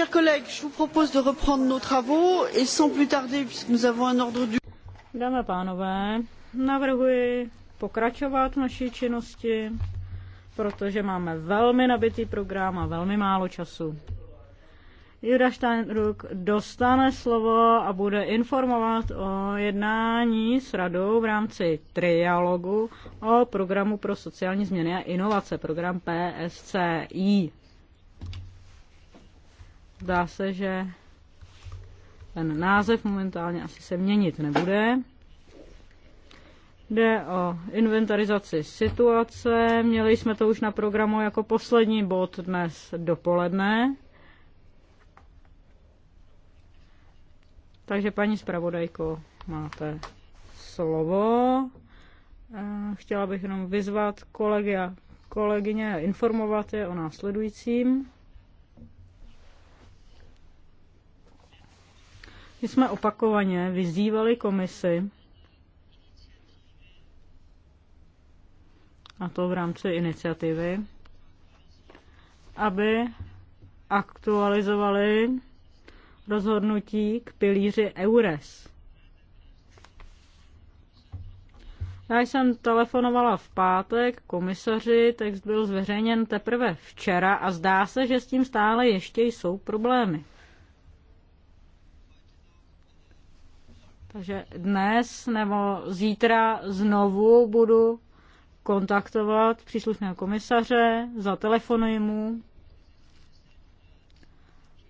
chers collègues je vous propose de reprendre nos travaux et sans plus tarder puisque nous avons un ordre du Dámy a pánové, navrhuji pokračovat v naší činnosti, protože máme velmi nabitý program a velmi málo času. Jura Steinruck dostane slovo a bude informovat o jednání s radou v rámci trialogu o programu pro sociální změny a inovace, program PSCI. Zdá se, že ten název momentálně asi se měnit nebude. Jde o inventarizaci situace. Měli jsme to už na programu jako poslední bod dnes dopoledne. Takže paní zpravodajko, máte slovo. Eh, chtěla bych jenom vyzvat kolegy a kolegyně a informovat je o následujícím. My jsme opakovaně vyzývali komisi, a to v rámci iniciativy, aby aktualizovali rozhodnutí k pilíři EURES. Já jsem telefonovala v pátek komisaři, text byl zveřejněn teprve včera a zdá se, že s tím stále ještě jsou problémy. Takže dnes nebo zítra znovu budu kontaktovat příslušného komisaře, zatelefonuji mu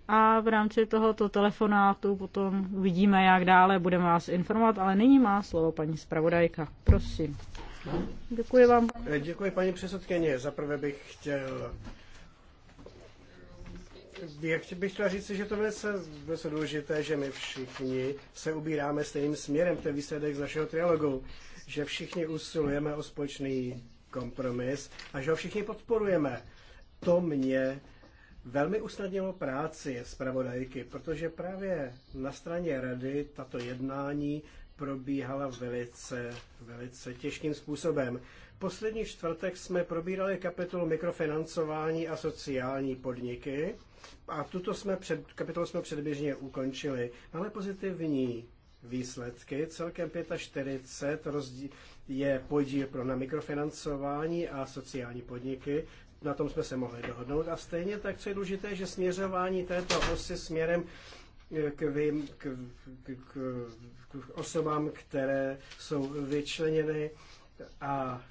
a v rámci tohoto telefonátu potom uvidíme, jak dále budeme vás informovat, ale nyní má slovo paní zpravodajka. Prosím. Děkuji vám. Děkuji paní předsedkyně. Zaprvé bych chtěl jak bych chtěla říct, že to je velice, velice důležité, že my všichni se ubíráme stejným směrem, to je výsledek z našeho trialogu, že všichni usilujeme o společný kompromis a že ho všichni podporujeme. To mě velmi usnadnilo práci pravodajky, protože právě na straně rady tato jednání probíhala velice, velice těžkým způsobem. Poslední čtvrtek jsme probírali kapitolu mikrofinancování a sociální podniky a tuto jsme před, kapitolu jsme předběžně ukončili. Máme pozitivní výsledky, celkem 45 rozdí, je podíl pro na mikrofinancování a sociální podniky. Na tom jsme se mohli dohodnout. A stejně tak, co je důležité, že směřování této osy směrem eh, k, vým, k, k, k, k osobám, které jsou vyčleněny a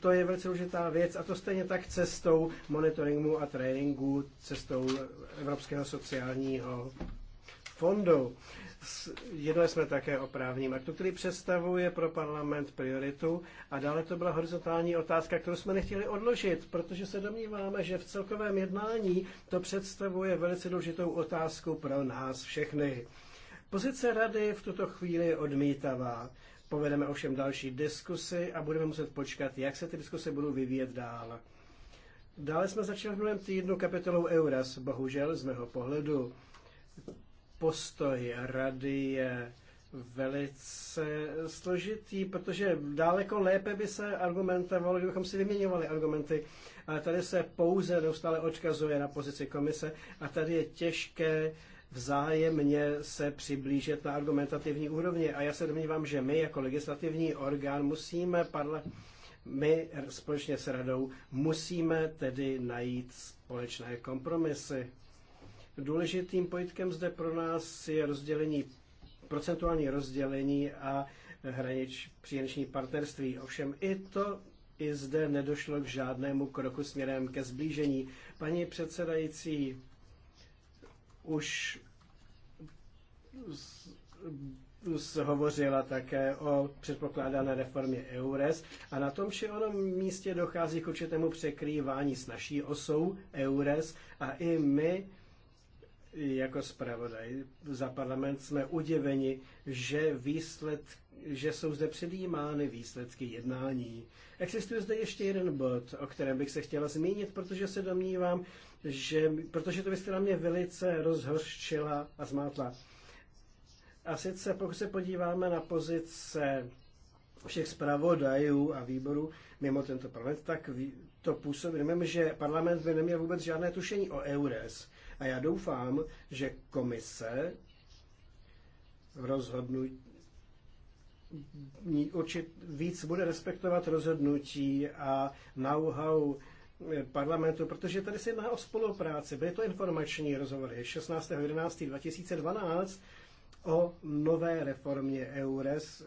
to je velice důležitá věc a to stejně tak cestou monitoringu a tréninku, cestou Evropského sociálního fondu. Jednali jsme také o právním aktu, který představuje pro parlament prioritu a dále to byla horizontální otázka, kterou jsme nechtěli odložit, protože se domníváme, že v celkovém jednání to představuje velice důležitou otázku pro nás všechny. Pozice rady v tuto chvíli je odmítavá. Povedeme ovšem další diskusy a budeme muset počkat, jak se ty diskuse budou vyvíjet dál. Dále jsme začali v minulém týdnu kapitolou Euras. Bohužel z mého pohledu postoj rady je velice složitý, protože daleko lépe by se argumentovalo, kdybychom si vyměňovali argumenty, ale tady se pouze neustále odkazuje na pozici komise a tady je těžké vzájemně se přiblížit na argumentativní úrovni. A já se domnívám, že my jako legislativní orgán musíme parla- my společně s radou musíme tedy najít společné kompromisy. Důležitým pojitkem zde pro nás je rozdělení, procentuální rozdělení a hranič příjemční partnerství. Ovšem i to i zde nedošlo k žádnému kroku směrem ke zblížení. Paní předsedající, už se hovořila také o předpokládané reformě EURES a na tom či onom místě dochází k určitému překrývání s naší osou EURES a i my jako zpravodaj za parlament jsme udiveni, že, výsled, že jsou zde předjímány výsledky jednání. Existuje zde ještě jeden bod, o kterém bych se chtěla zmínit, protože se domnívám, že, protože to byste na mě velice rozhořčila a zmátla. A sice pokud se podíváme na pozice všech zpravodajů a výborů mimo tento parlament, tak to působíme, že parlament by neměl vůbec žádné tušení o EURES. A já doufám, že komise v rozhodnutí určit víc bude respektovat rozhodnutí a know-how parlamentu, protože tady se jedná o spolupráci. Byly to informační rozhovory 2012 o nové reformě EURES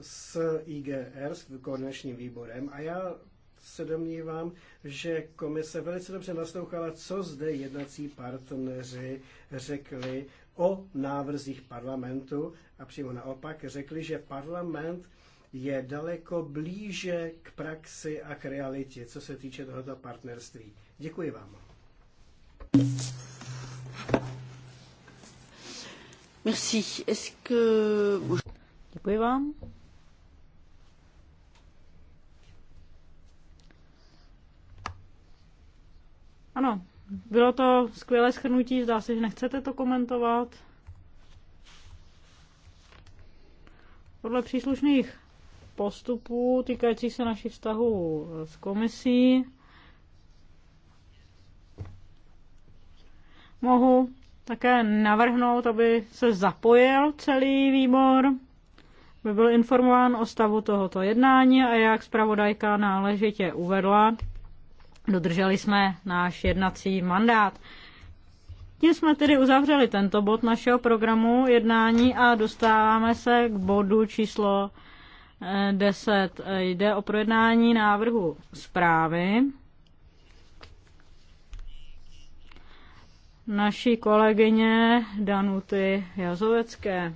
s IGR, s koordinačním výborem. A já se domnívám, že komise velice dobře naslouchala, co zde jednací partneři řekli o návrzích parlamentu a přímo naopak řekli, že parlament je daleko blíže k praxi a k realitě, co se týče tohoto partnerství. Děkuji vám. Merci. Est-ce que... Děkuji vám. Ano, bylo to skvělé schrnutí, zdá se, že nechcete to komentovat. Podle příslušných postupů týkajících se našich vztahů s komisí. Mohu také navrhnout, aby se zapojil celý výbor, aby byl informován o stavu tohoto jednání a jak zpravodajka náležitě uvedla, dodrželi jsme náš jednací mandát. Tím jsme tedy uzavřeli tento bod našeho programu jednání a dostáváme se k bodu číslo 10 jde o projednání návrhu zprávy. naší kolegyně Danuty Jazovecké.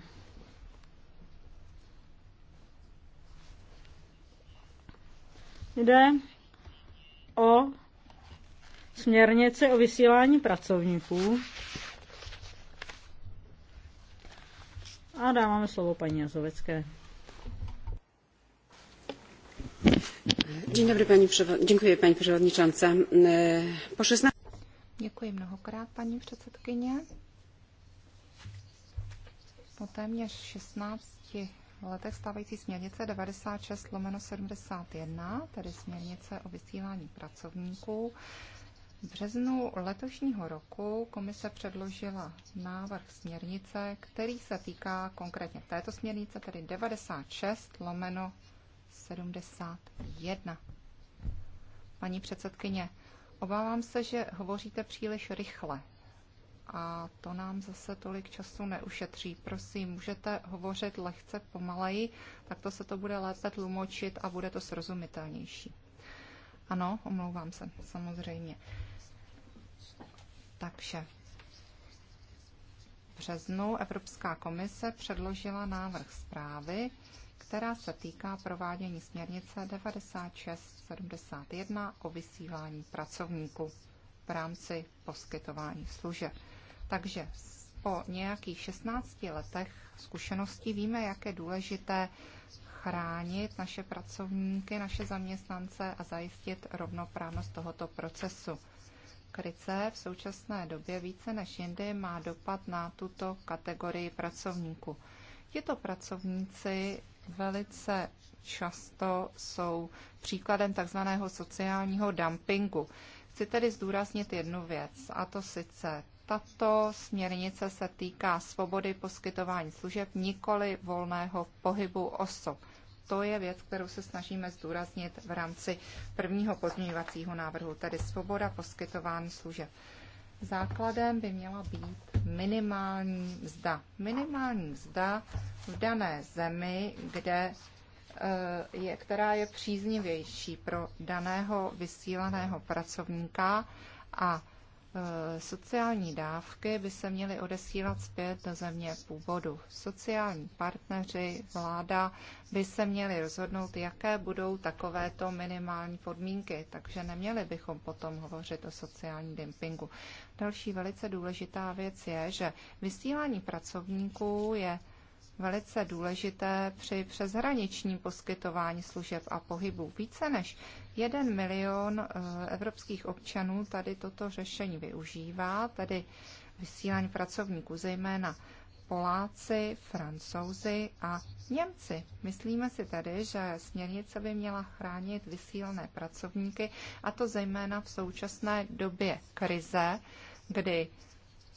Jde o směrnici o vysílání pracovníků. A dáváme slovo paní Jazovecké. Dzień dobry, pani Dziękuję, paní przewodnicząca. E, po 16... Děkuji mnohokrát, paní předsedkyně. Po téměř 16 letech stávající směrnice 96 lomeno 71, tedy směrnice o vysílání pracovníků, v březnu letošního roku komise předložila návrh směrnice, který se týká konkrétně této směrnice, tedy 96 lomeno 71. Paní předsedkyně, obávám se, že hovoříte příliš rychle a to nám zase tolik času neušetří. Prosím, můžete hovořit lehce pomaleji, tak to se to bude lépe tlumočit a bude to srozumitelnější. Ano, omlouvám se, samozřejmě. Takže v březnu Evropská komise předložila návrh zprávy, která se týká provádění směrnice 9671 o vysílání pracovníků v rámci poskytování služeb. Takže po nějakých 16 letech zkušeností víme, jak je důležité chránit naše pracovníky, naše zaměstnance a zajistit rovnoprávnost tohoto procesu. Krize v současné době více než jindy má dopad na tuto kategorii pracovníků. Tito pracovníci velice často jsou příkladem takzvaného sociálního dumpingu. Chci tedy zdůraznit jednu věc, a to sice tato směrnice se týká svobody poskytování služeb, nikoli volného pohybu osob. To je věc, kterou se snažíme zdůraznit v rámci prvního pozměňovacího návrhu, tedy svoboda poskytování služeb. Základem by měla být minimální mzda. Minimální mzda v dané zemi, kde eh, je, která je příznivější pro daného vysílaného pracovníka a Eh, sociální dávky by se měly odesílat zpět do země původu. Sociální partneři, vláda by se měly rozhodnout, jaké budou takovéto minimální podmínky, takže neměli bychom potom hovořit o sociální dumpingu. Další velice důležitá věc je, že vysílání pracovníků je velice důležité při přeshraničním poskytování služeb a pohybu. Více než Jeden milion eh, evropských občanů tady toto řešení využívá, tedy vysílání pracovníků, zejména Poláci, Francouzi a Němci. Myslíme si tedy, že směrnice by měla chránit vysílné pracovníky, a to zejména v současné době krize, kdy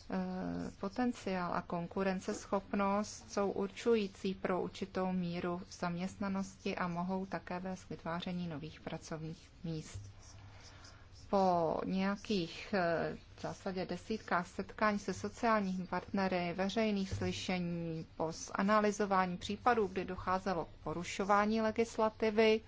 Eh, potenciál a konkurenceschopnost jsou určující pro určitou míru zaměstnanosti a mohou také vést k vytváření nových pracovních míst. Po nějakých eh, v zásadě desítkách setkání se sociálními partnery, veřejných slyšení, po analyzování případů, kdy docházelo k porušování legislativy,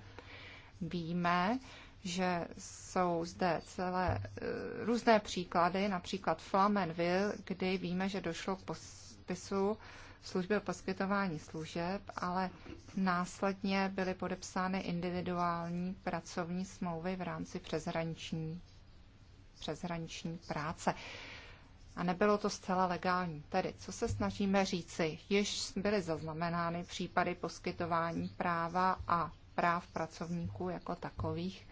víme, že jsou zde celé eh, různé příklady, například Flamenville, kdy víme, že došlo k pospisu služby o poskytování služeb, ale následně byly podepsány individuální pracovní smlouvy v rámci přeshraniční, přeshraniční práce. A nebylo to zcela legální. Tedy, co se snažíme říci, již byly zaznamenány případy poskytování práva a práv pracovníků jako takových,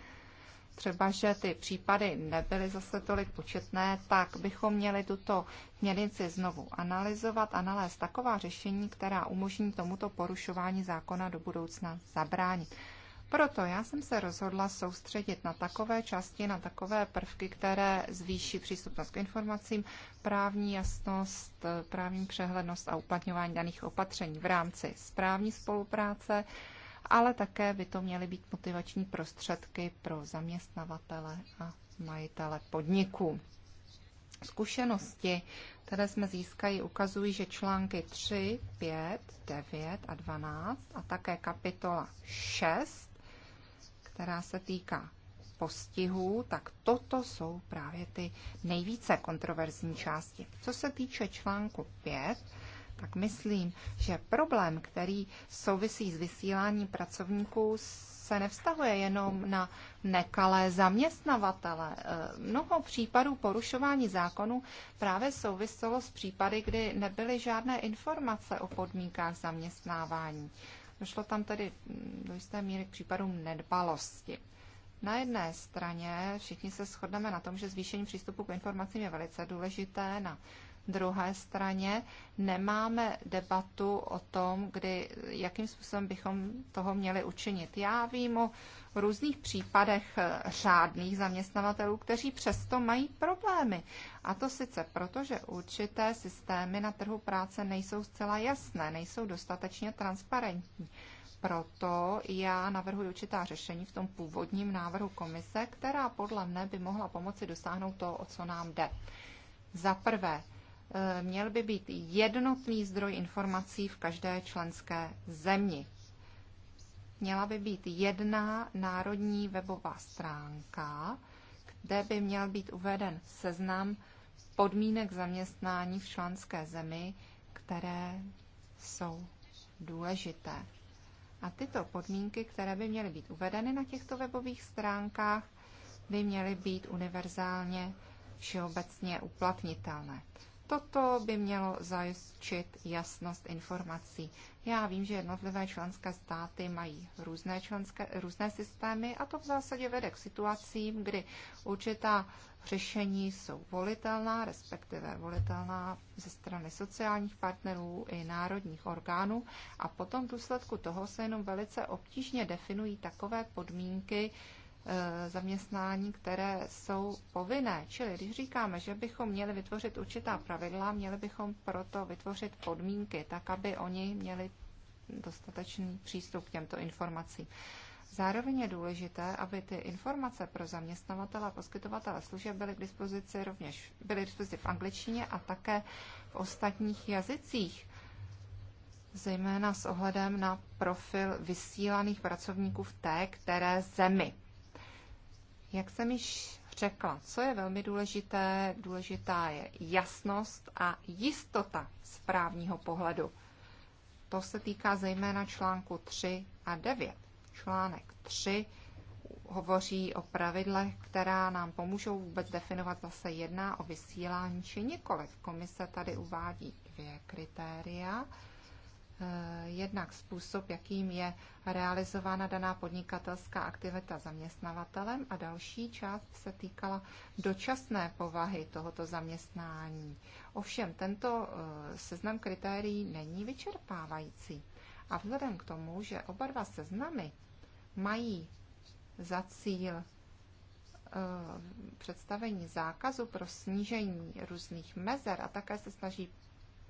třeba, že ty případy nebyly zase tolik početné, tak bychom měli tuto směrnici znovu analyzovat a nalézt taková řešení, která umožní tomuto porušování zákona do budoucna zabránit. Proto já jsem se rozhodla soustředit na takové části, na takové prvky, které zvýší přístupnost k informacím, právní jasnost, právní přehlednost a uplatňování daných opatření v rámci správní spolupráce ale také by to měly být motivační prostředky pro zaměstnavatele a majitele podniků. Zkušenosti, které jsme získali, ukazují, že články 3, 5, 9 a 12 a také kapitola 6, která se týká postihů, tak toto jsou právě ty nejvíce kontroverzní části. Co se týče článku 5, tak myslím, že problém, který souvisí s vysíláním pracovníků, se nevztahuje jenom na nekalé zaměstnavatele. E, mnoho případů porušování zákonu právě souviselo s případy, kdy nebyly žádné informace o podmínkách zaměstnávání. Došlo tam tedy mm, do jisté míry k případům nedbalosti. Na jedné straně všichni se shodneme na tom, že zvýšení přístupu k informacím je velice důležité na druhé straně nemáme debatu o tom, kdy, jakým způsobem bychom toho měli učinit. Já vím o různých případech eh, řádných zaměstnavatelů, kteří přesto mají problémy. A to sice proto, že určité systémy na trhu práce nejsou zcela jasné, nejsou dostatečně transparentní. Proto já navrhuji určitá řešení v tom původním návrhu komise, která podle mne by mohla pomoci dosáhnout toho, o co nám jde. Za prvé, Eh, měl by být jednotný zdroj informací v každé členské zemi. Měla by být jedna národní webová stránka, kde by měl být uveden seznam podmínek zaměstnání v členské zemi, které jsou důležité. A tyto podmínky, které by měly být uvedeny na těchto webových stránkách, by měly být univerzálně všeobecně uplatnitelné toto by mělo zajistit jasnost informací. Já vím, že jednotlivé členské státy mají různé, členské, různé systémy a to v zásadě vede k situacím, kdy určitá řešení jsou volitelná, respektive volitelná ze strany sociálních partnerů i národních orgánů a potom v důsledku toho se jenom velice obtížně definují takové podmínky, Eh, zaměstnání, které jsou povinné. Čili když říkáme, že bychom měli vytvořit určitá pravidla, měli bychom proto vytvořit podmínky, tak aby oni měli dostatečný přístup k těmto informacím. Zároveň je důležité, aby ty informace pro zaměstnavatele a poskytovatele služeb byly k dispozici rovněž byly k dispozici v angličtině a také v ostatních jazycích, zejména s ohledem na profil vysílaných pracovníků v té které zemi. Jak jsem již řekla, co je velmi důležité, důležitá je jasnost a jistota z právního pohledu. To se týká zejména článku 3 a 9. Článek 3 hovoří o pravidlech, která nám pomůžou vůbec definovat, zase se jedná o vysílání či nikoliv. Komise tady uvádí dvě kritéria. Eh, jednak způsob, jakým je realizována daná podnikatelská aktivita zaměstnavatelem a další část se týkala dočasné povahy tohoto zaměstnání. Ovšem, tento eh, seznam kritérií není vyčerpávající. A vzhledem k tomu, že oba dva seznamy mají za cíl eh, představení zákazu pro snížení různých mezer a také se snaží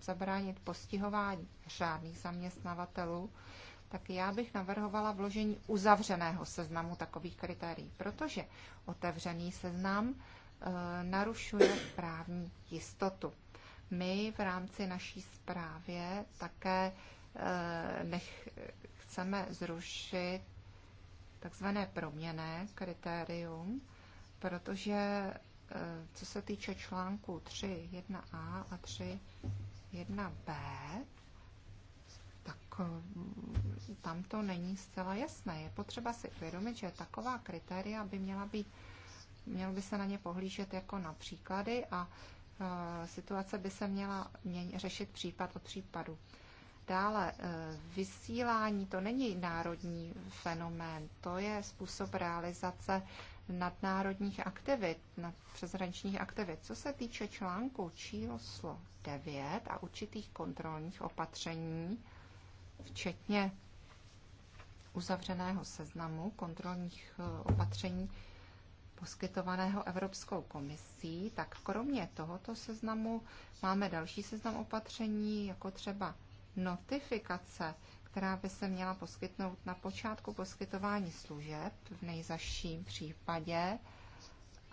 zabránit postihování řádných zaměstnavatelů, tak já bych navrhovala vložení uzavřeného seznamu takových kritérií, protože otevřený seznam e, narušuje právní jistotu. My v rámci naší zprávě také e, nech, chceme zrušit takzvané proměné kritérium, protože e, co se týče článku 3.1a a 3 1b, tak mm, tam to není zcela jasné. Je potřeba si uvědomit, že taková kritéria by měla být, měl by se na ně pohlížet jako na příklady a e, situace by se měla řešit případ od případu. Dále e, vysílání to není národní fenomén, to je způsob realizace nadnárodních aktivit, nad přeshraničních aktivit. Co se týče článku číslo 9 a určitých kontrolních opatření, včetně uzavřeného seznamu kontrolních eh, opatření poskytovaného Evropskou komisí, tak kromě tohoto seznamu máme další seznam opatření, jako třeba notifikace která by se měla poskytnout na počátku poskytování služeb v nejzaším případě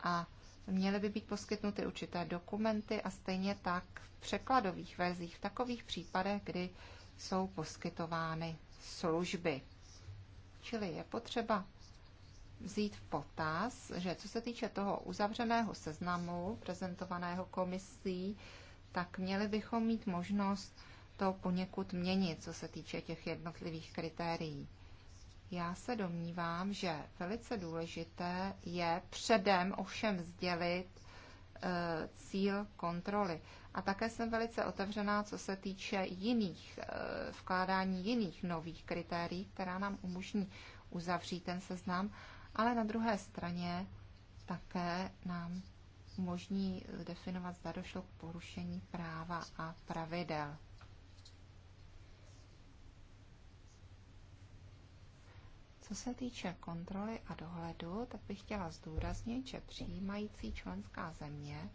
a měly by být poskytnuty určité dokumenty a stejně tak v překladových verzích v takových případech, kdy jsou poskytovány služby. Čili je potřeba vzít v potaz, že co se týče toho uzavřeného seznamu prezentovaného komisí, tak měli bychom mít možnost to poněkud měnit, co se týče těch jednotlivých kritérií. Já se domnívám, že velice důležité je předem ovšem sdělit e, cíl kontroly. A také jsem velice otevřená, co se týče jiných, e, vkládání jiných nových kritérií, která nám umožní uzavřít ten seznam, ale na druhé straně také nám umožní definovat, zda došlo k porušení práva a pravidel. Co se týče kontroly a dohledu, tak bych chtěla zdůraznit, že přijímající členská země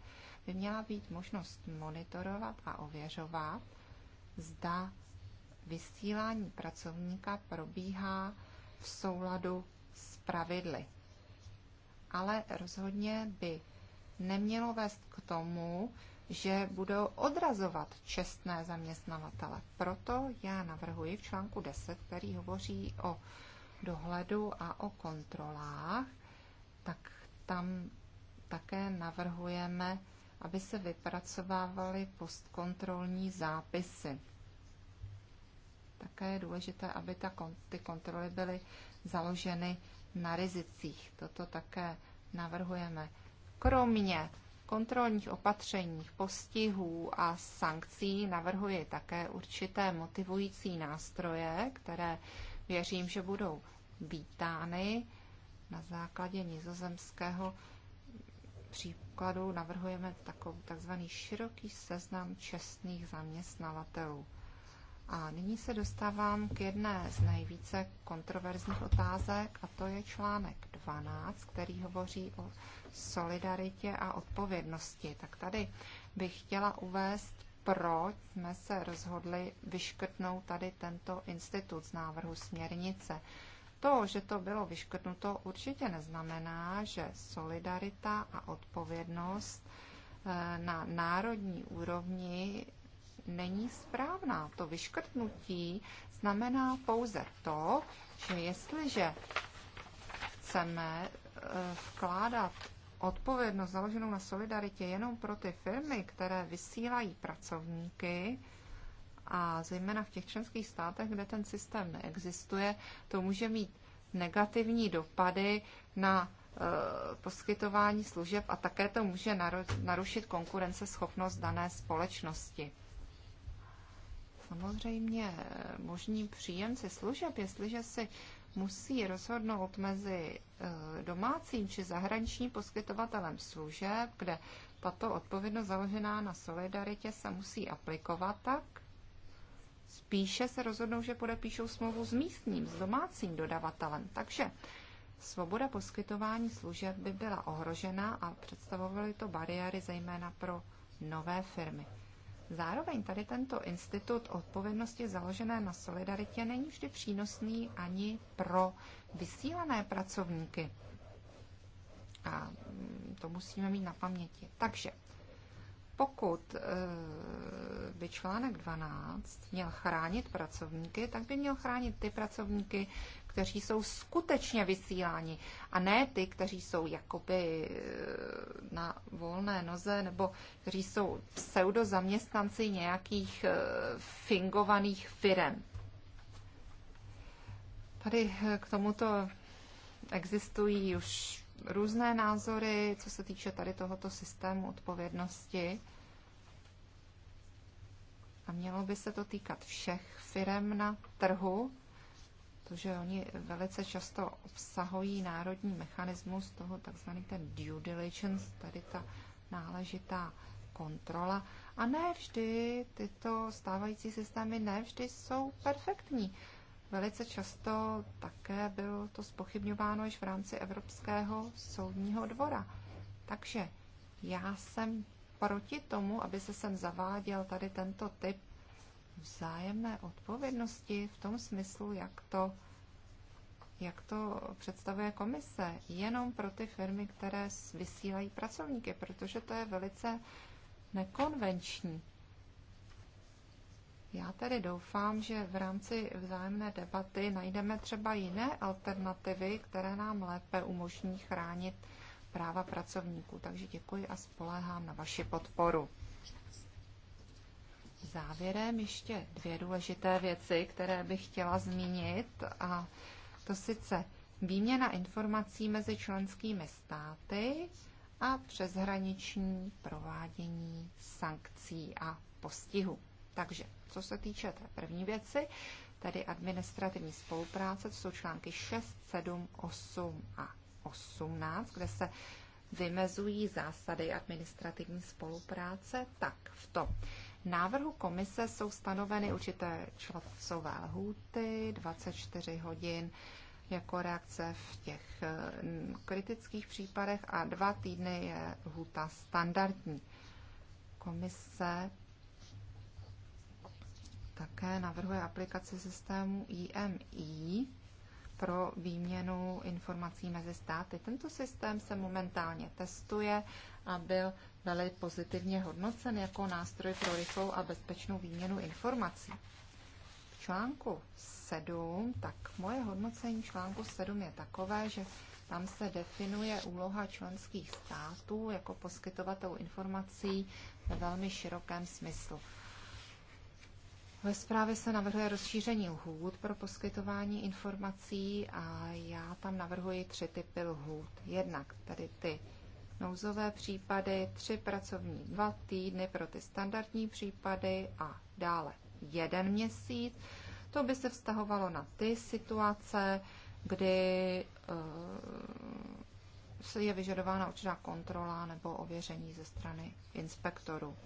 by měla být možnost monitorovat a ověřovat, zda vysílání pracovníka probíhá v souladu s pravidly. Ale rozhodně by nemělo vést k tomu, že budou odrazovat čestné zaměstnavatele. Proto já navrhuji v článku 10, který hovoří o dohledu a o kontrolách, tak tam také navrhujeme, aby se vypracovávaly postkontrolní zápisy. Také je důležité, aby ta, ty kontroly byly založeny na rizicích. Toto také navrhujeme. Kromě kontrolních opatření, postihů a sankcí navrhuji také určité motivující nástroje, které Věřím, že budou vítány. Na základě nizozemského příkladu navrhujeme takový takzvaný široký seznam čestných zaměstnavatelů. A nyní se dostávám k jedné z nejvíce kontroverzních otázek, a to je článek 12, který hovoří o solidaritě a odpovědnosti. Tak tady bych chtěla uvést proč jsme se rozhodli vyškrtnout tady tento institut z návrhu směrnice. To, že to bylo vyškrtnuto, určitě neznamená, že solidarita a odpovědnost eh, na národní úrovni není správná. To vyškrtnutí znamená pouze to, že jestliže chceme eh, vkládat odpovědnost založenou na solidaritě jenom pro ty firmy, které vysílají pracovníky, a zejména v těch členských státech, kde ten systém neexistuje, to může mít negativní dopady na e, poskytování služeb a také to může narušit konkurenceschopnost dané společnosti. Samozřejmě e, možní příjemci služeb, jestliže si musí rozhodnout mezi eh, domácím či zahraničním poskytovatelem služeb, kde tato odpovědnost založená na solidaritě se musí aplikovat, tak spíše se rozhodnou, že podepíšou smlouvu s místním, s domácím dodavatelem. Takže svoboda poskytování služeb by byla ohrožena a představovaly to bariéry zejména pro nové firmy. Zároveň tady tento institut odpovědnosti založené na solidaritě není vždy přínosný ani pro vysílané pracovníky. A mm, to musíme mít na paměti. Takže pokud eh, by článek 12 měl chránit pracovníky, tak by měl chránit ty pracovníky, kteří jsou skutečně vysíláni a ne ty, kteří jsou jakoby eh, na volné noze nebo kteří jsou zaměstnanci nějakých eh, fingovaných firem. Tady k tomuto existují už různé názory, co se týče tady tohoto systému odpovědnosti. A mělo by se to týkat všech firm na trhu, protože oni velice často obsahují národní mechanismus toho takzvaný ten due diligence, tady ta náležitá kontrola. A ne vždy tyto stávající systémy ne vždy jsou perfektní. Velice často také bylo to spochybňováno již v rámci Evropského soudního dvora. Takže já jsem proti tomu, aby se sem zaváděl tady tento typ vzájemné odpovědnosti v tom smyslu, jak to, jak to představuje komise, jenom pro ty firmy, které vysílají pracovníky, protože to je velice nekonvenční. Já tedy doufám, že v rámci vzájemné debaty najdeme třeba jiné alternativy, které nám lépe umožní chránit práva pracovníků. Takže děkuji a spoléhám na vaši podporu. Závěrem ještě dvě důležité věci, které bych chtěla zmínit. A to sice výměna informací mezi členskými státy a přeshraniční provádění sankcí a postihu. Takže co se týče té první věci, tedy administrativní spolupráce, to jsou články 6, 7, 8 a 18, kde se vymezují zásady administrativní spolupráce, tak v tom návrhu komise jsou stanoveny určité časové lhůty, 24 hodin jako reakce v těch eh, kritických případech a dva týdny je lhůta standardní. Komise také navrhuje aplikaci systému IMI pro výměnu informací mezi státy. Tento systém se momentálně testuje a byl velmi pozitivně hodnocen jako nástroj pro rychlou a bezpečnou výměnu informací. V článku 7, tak moje hodnocení článku 7 je takové, že tam se definuje úloha členských států jako poskytovatelů informací ve velmi širokém smyslu. Ve zprávě se navrhuje rozšíření lhůt pro poskytování informací a já tam navrhuji tři typy lhůt. Jednak tedy ty nouzové případy, tři pracovní dva týdny pro ty standardní případy a dále jeden měsíc. To by se vztahovalo na ty situace, kdy uh, je vyžadována určitá kontrola nebo ověření ze strany inspektorů.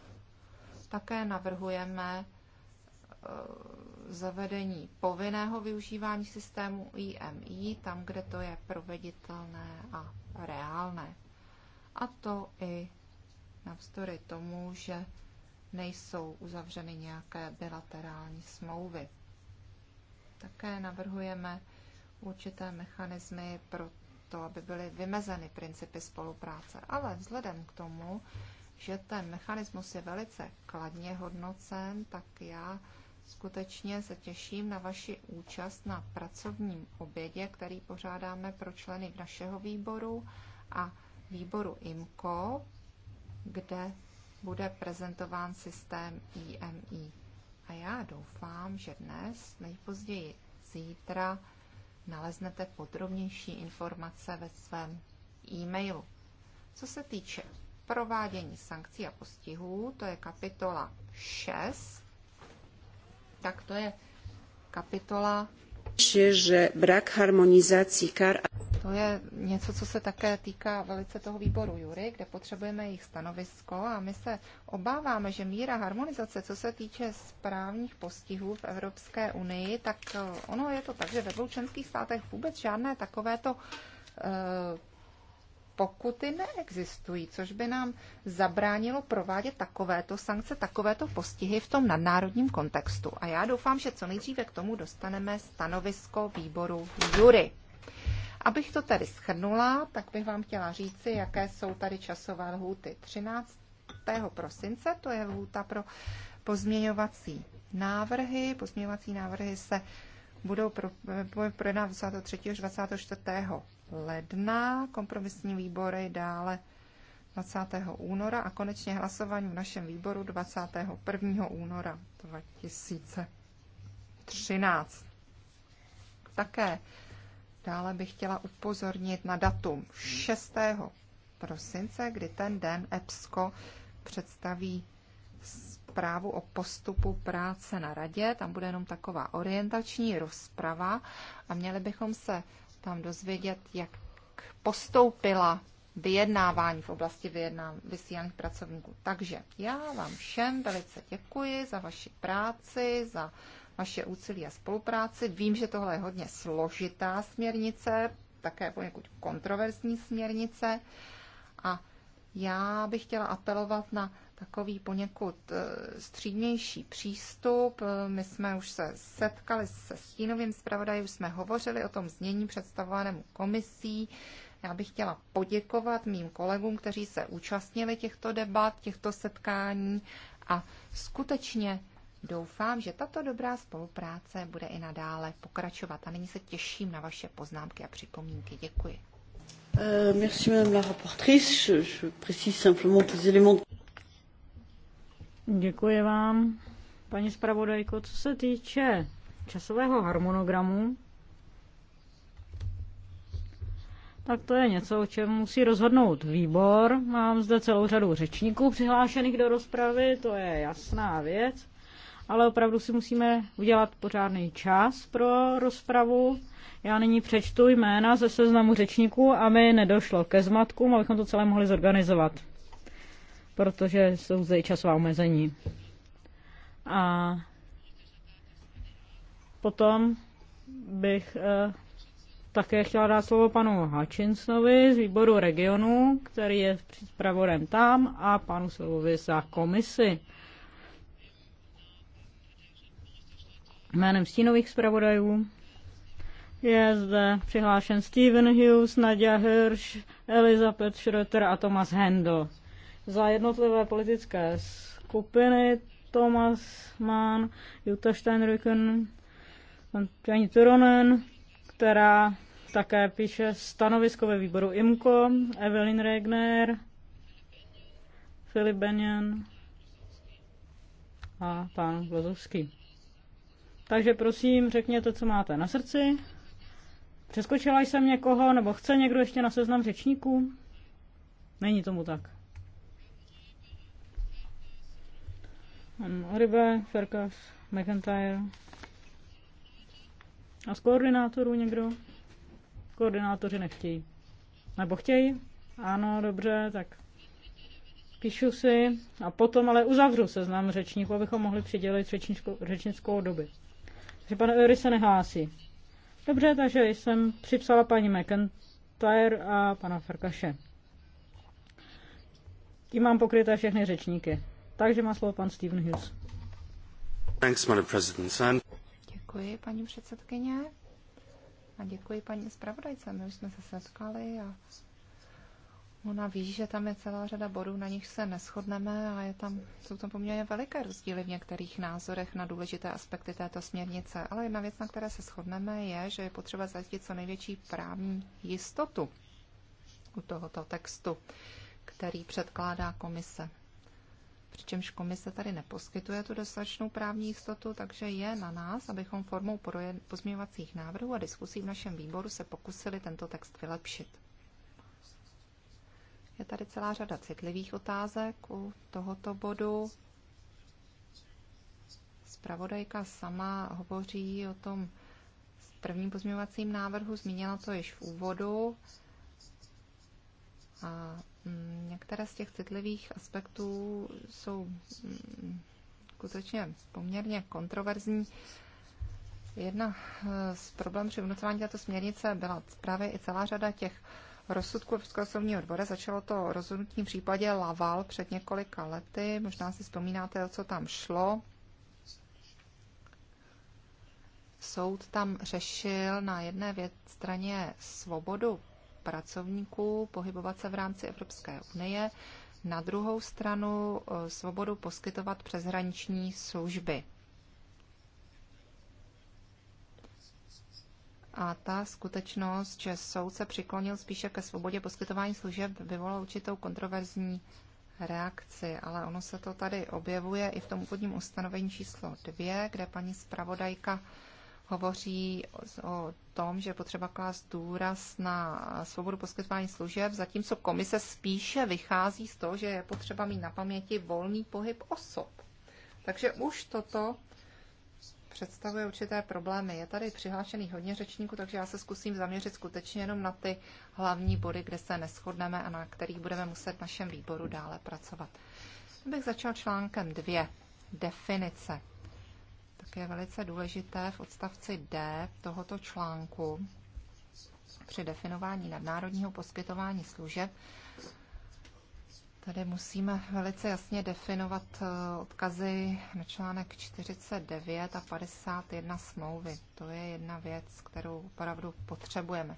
Také navrhujeme Eh, zavedení povinného využívání systému IMI tam, kde to je proveditelné a reálné. A to i navzdory tomu, že nejsou uzavřeny nějaké bilaterální smlouvy. Také navrhujeme určité mechanismy pro to, aby byly vymezeny principy spolupráce. Ale vzhledem k tomu, že ten mechanismus je velice kladně hodnocen, tak já Skutečně se těším na vaši účast na pracovním obědě, který pořádáme pro členy našeho výboru a výboru IMCO, kde bude prezentován systém IMI. A já doufám, že dnes, nejpozději zítra, naleznete podrobnější informace ve svém e-mailu. Co se týče provádění sankcí a postihů, to je kapitola 6 tak to je kapitola. Že brak harmonizací kar... To je něco, co se také týká velice toho výboru Jury, kde potřebujeme jejich stanovisko a my se obáváme, že míra harmonizace, co se týče správních postihů v Evropské unii, tak eh, ono je to tak, že ve dvou členských státech vůbec žádné takovéto eh, pokuty neexistují, což by nám zabránilo provádět takovéto sankce, takovéto postihy v tom nadnárodním kontextu. A já doufám, že co nejdříve k tomu dostaneme stanovisko výboru jury. Abych to tedy schrnula, tak bych vám chtěla říci, jaké jsou tady časové lhůty. 13. prosince, to je lhůta pro pozměňovací návrhy. Pozměňovací návrhy se budou pro pro 23. až 24 ledna, kompromisní výbory dále 20. února a konečně hlasování v našem výboru 21. února 2013. Také dále bych chtěla upozornit na datum 6. prosince, kdy ten den EPSCO představí zprávu o postupu práce na radě. Tam bude jenom taková orientační rozprava a měli bychom se tam dozvědět, jak postoupila vyjednávání v oblasti vysílaných pracovníků. Takže já vám všem velice děkuji za vaši práci, za vaše úsilí a spolupráci. Vím, že tohle je hodně složitá směrnice, také poněkud kontroverzní směrnice a já bych chtěla apelovat na takový poněkud e, střídnější přístup. E, my jsme už se setkali se stínovým zpravodajem, jsme hovořili o tom znění představovanému komisí. Já bych chtěla poděkovat mým kolegům, kteří se účastnili těchto debat, těchto setkání a skutečně doufám, že tato dobrá spolupráce bude i nadále pokračovat. A nyní se těším na vaše poznámky a připomínky. Děkuji. Euh, merci Madame la rapportrice. Je, je précise simplement les éléments. Děkuji vám, paní zpravodajko. Co se týče časového harmonogramu, tak to je něco, o čem musí rozhodnout výbor. Mám zde celou řadu řečníků přihlášených do rozpravy, to je jasná věc, ale opravdu si musíme udělat pořádný čas pro rozpravu. Já nyní přečtu jména ze seznamu řečníků, aby nedošlo ke zmatkům, abychom to celé mohli zorganizovat protože jsou zde i časová omezení. A potom bych eh, také chtěla dát slovo panu Hutchinsonovi z výboru regionu, který je zpravodem tam, a panu Silvovi za komisi. Jménem stínových zpravodajů je zde přihlášen Steven Hughes, Nadia Hirsch, Elizabeth Schroeter a Thomas Hendel za jednotlivé politické skupiny Thomas Mann, Jutta Steinrücken, Jani Turonen, která také píše stanovisko ve výboru IMCO, Evelyn Regner, Filip Benjan a pan Glazovský. Takže prosím, řekněte, co máte na srdci. Přeskočila jsem někoho, nebo chce někdo ještě na seznam řečníků? Není tomu tak. Ryba, Ferkas, McIntyre. A z koordinátorů někdo? Koordinátoři nechtějí. Nebo chtějí? Ano, dobře, tak píšu si a potom ale uzavřu seznam řečníků, abychom mohli přidělit řečnickou, řečnickou doby. Takže pan Eury se nehlásí. Dobře, takže jsem připsala paní McIntyre a pana Farkaše. Tím mám pokryté všechny řečníky. Takže má slovo pan Steven Hughes. Thanks, Madam President. Děkuji, paní předsedkyně. A děkuji paní zpravodajce. My už jsme se setkali a ona ví, že tam je celá řada bodů, na nich se neschodneme a je tam, jsou tam poměrně veliké rozdíly v některých názorech na důležité aspekty této směrnice. Ale jedna věc, na které se shodneme, je, že je potřeba zajistit co největší právní jistotu u tohoto textu, který předkládá komise přičemž komise tady neposkytuje tu dostatečnou právní jistotu, takže je na nás, abychom formou pozměňovacích návrhů a diskusí v našem výboru se pokusili tento text vylepšit. Je tady celá řada citlivých otázek u tohoto bodu. Spravodajka sama hovoří o tom prvním pozměňovacím návrhu, zmínila to již v úvodu. A Mm, některé z těch citlivých aspektů jsou mm, skutečně poměrně kontroverzní. Jedna eh, z problémů při vnucování této směrnice byla právě i celá řada těch rozsudků Evropského soudního dvora. Začalo to rozhodnutím v případě Laval před několika lety. Možná si vzpomínáte, o co tam šlo. Soud tam řešil na jedné věc straně svobodu pracovníků pohybovat se v rámci Evropské unie, na druhou stranu eh, svobodu poskytovat přeshraniční služby. A ta skutečnost, že soud se přiklonil spíše ke svobodě poskytování služeb, vyvolala určitou kontroverzní reakci, ale ono se to tady objevuje i v tom úvodním ustanovení číslo dvě, kde paní zpravodajka hovoří o tom, že potřeba klást důraz na svobodu poskytování služeb, zatímco komise spíše vychází z toho, že je potřeba mít na paměti volný pohyb osob. Takže už toto představuje určité problémy. Je tady přihlášený hodně řečníků, takže já se zkusím zaměřit skutečně jenom na ty hlavní body, kde se neschodneme a na kterých budeme muset v našem výboru dále pracovat. Bych začal článkem dvě Definice také velice důležité v odstavci D tohoto článku při definování nadnárodního poskytování služeb. Tady musíme velice jasně definovat eh, odkazy na článek 49 a 51 smlouvy. To je jedna věc, kterou opravdu potřebujeme.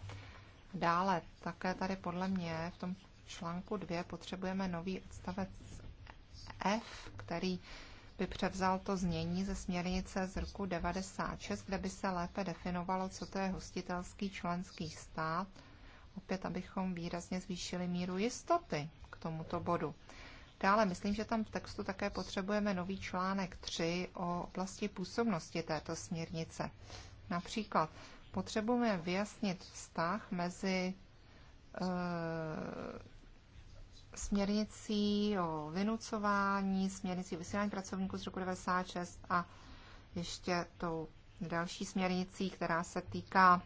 Dále také tady podle mě v tom článku 2 potřebujeme nový odstavec F, který by převzal to znění ze směrnice z roku 96, kde by se lépe definovalo, co to je hostitelský členský stát, opět abychom výrazně zvýšili míru jistoty k tomuto bodu. Dále myslím, že tam v textu také potřebujeme nový článek 3 o oblasti působnosti této směrnice. Například potřebujeme vyjasnit vztah mezi eh, směrnicí o vynucování, směrnicí o vysílání pracovníků z roku 96 a ještě tou další směrnicí, která se týká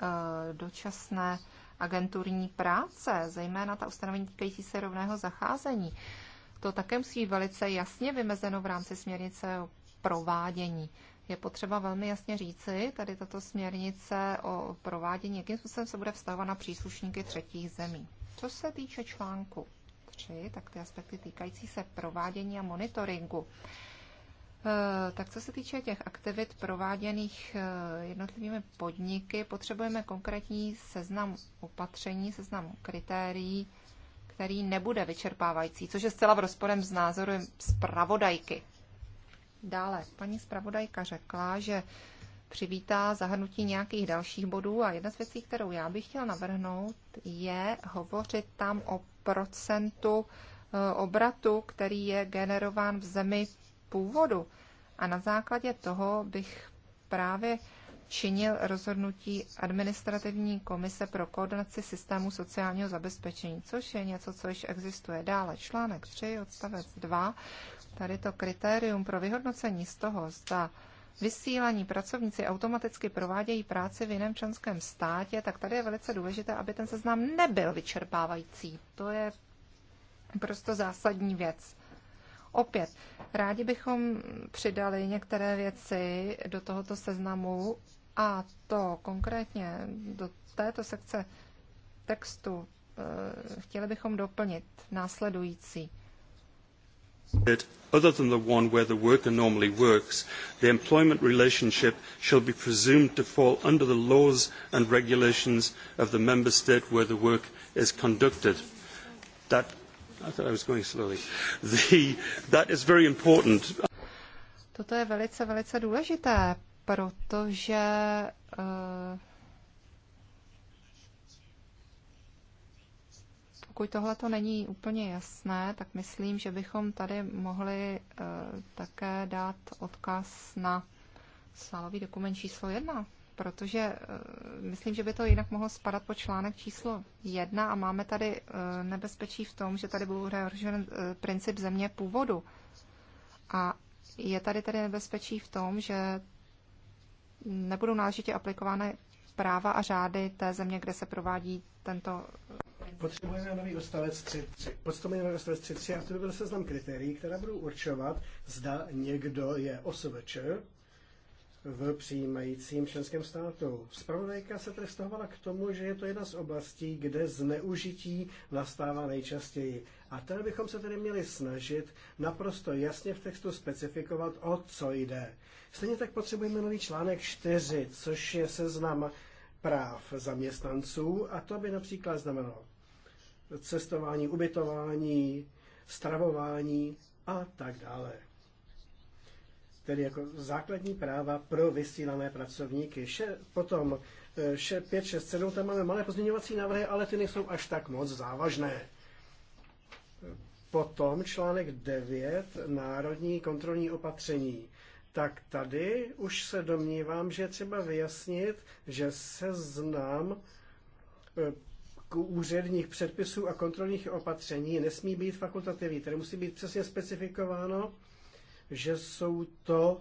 e, dočasné agenturní práce, zejména ta ustanovení týkající se rovného zacházení. To také musí být velice jasně vymezeno v rámci směrnice o provádění. Je potřeba velmi jasně říci, tady tato směrnice o provádění, jakým způsobem se bude vztahovat na příslušníky třetích zemí. Co se týče článku 3, tak ty aspekty týkající se provádění a monitoringu. Eh, tak co se týče těch aktivit prováděných eh, jednotlivými podniky, potřebujeme konkrétní seznam opatření, seznam kritérií, který nebude vyčerpávající, což je zcela v rozporem s názorem zpravodajky. Dále, paní zpravodajka řekla, že přivítá zahrnutí nějakých dalších bodů a jedna z věcí, kterou já bych chtěl navrhnout, je hovořit tam o procentu eh, obratu, který je generován v zemi původu. A na základě toho bych právě činil rozhodnutí administrativní komise pro koordinaci systému sociálního zabezpečení, což je něco, co již existuje. Dále článek 3, odstavec 2, tady to kritérium pro vyhodnocení z toho, zda vysílaní pracovníci automaticky provádějí práci v jiném členském státě, tak tady je velice důležité, aby ten seznam nebyl vyčerpávající. To je prosto zásadní věc. Opět, rádi bychom přidali některé věci do tohoto seznamu a to konkrétně do této sekce textu eh, chtěli bychom doplnit následující other than the one where the worker normally works, the employment relationship shall be presumed to fall under the laws and regulations of the member state where the work is conducted. That, I thought I was going slowly. The, that is very important. Toto je velice, velice důležité, protože uh Pokud tohle to není úplně jasné, tak myslím, že bychom tady mohli eh, také dát odkaz na sálový dokument číslo jedna, protože eh, myslím, že by to jinak mohlo spadat po článek číslo jedna, a máme tady eh, nebezpečí v tom, že tady byl narušen princip země původu. A je tady tedy nebezpečí v tom, že nebudou náležitě aplikovány práva a řády té země, kde se provádí tento Potřebujeme nový odstavec 3. Potřebujeme nový odstavec 3 a to by byl seznam kritérií, která budou určovat, zda někdo je OSVČ v přijímajícím členském státu. Spravodajka se tedy vztahovala k tomu, že je to jedna z oblastí, kde zneužití nastává nejčastěji. A tady bychom se tedy měli snažit naprosto jasně v textu specifikovat, o co jde. Stejně tak potřebujeme nový článek 4, což je seznam práv zaměstnanců a to by například znamenalo cestování, ubytování, stravování a tak dále. Tedy jako základní práva pro vysílané pracovníky. Še, potom 5, 6, 7, tam máme malé pozměňovací návrhy, ale ty nejsou až tak moc závažné. Potom článek 9, národní kontrolní opatření. Tak tady už se domnívám, že je třeba vyjasnit, že seznam eh, úředních předpisů a kontrolních opatření nesmí být fakultativní, tedy musí být přesně specifikováno, že jsou to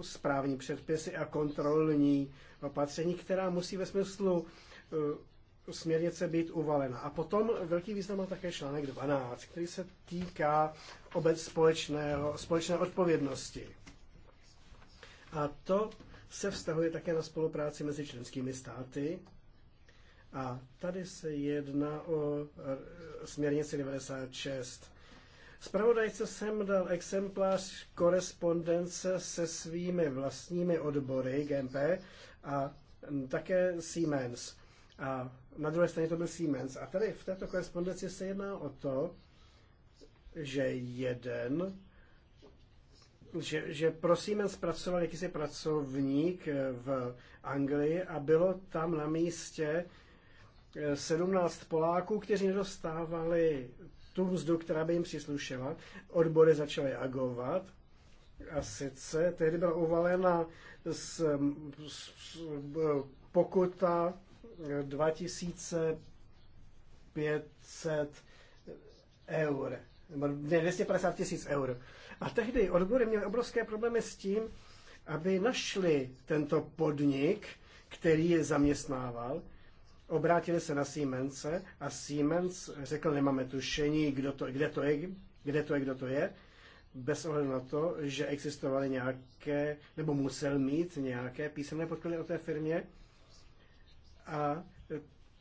správní předpisy a kontrolní opatření, která musí ve smyslu eh, směrnice být uvalena. A potom velký význam má také článek 12, který se týká obec společného, společné odpovědnosti. A to se vztahuje také na spolupráci mezi členskými státy a tady se jedná o eh, směrnici 96. Spravodajce jsem dal exemplář korespondence se svými vlastními odbory GMP a také Siemens. A na druhé straně to byl Siemens. A tady v této korespondenci se jedná o to, že jeden, že, že pro Siemens pracoval jakýsi pracovník eh, v Anglii a bylo tam na místě 17 Poláků, kteří nedostávali tu mzdu, která by jim příslušela. Odbory začaly agovat. A sice tehdy byla uvalena z, z, z, pokuta 2500 eur, nebo ne, 250 tisíc eur. A tehdy odbory měly obrovské problémy s tím, aby našli tento podnik, který je zaměstnával, obrátili se na Siemens a Siemens řekl, nemáme tušení, kdo to, kde to je, kde to je, kdo to je, bez ohledu na to, že existovaly nějaké, nebo musel mít nějaké písemné podklady o té firmě. A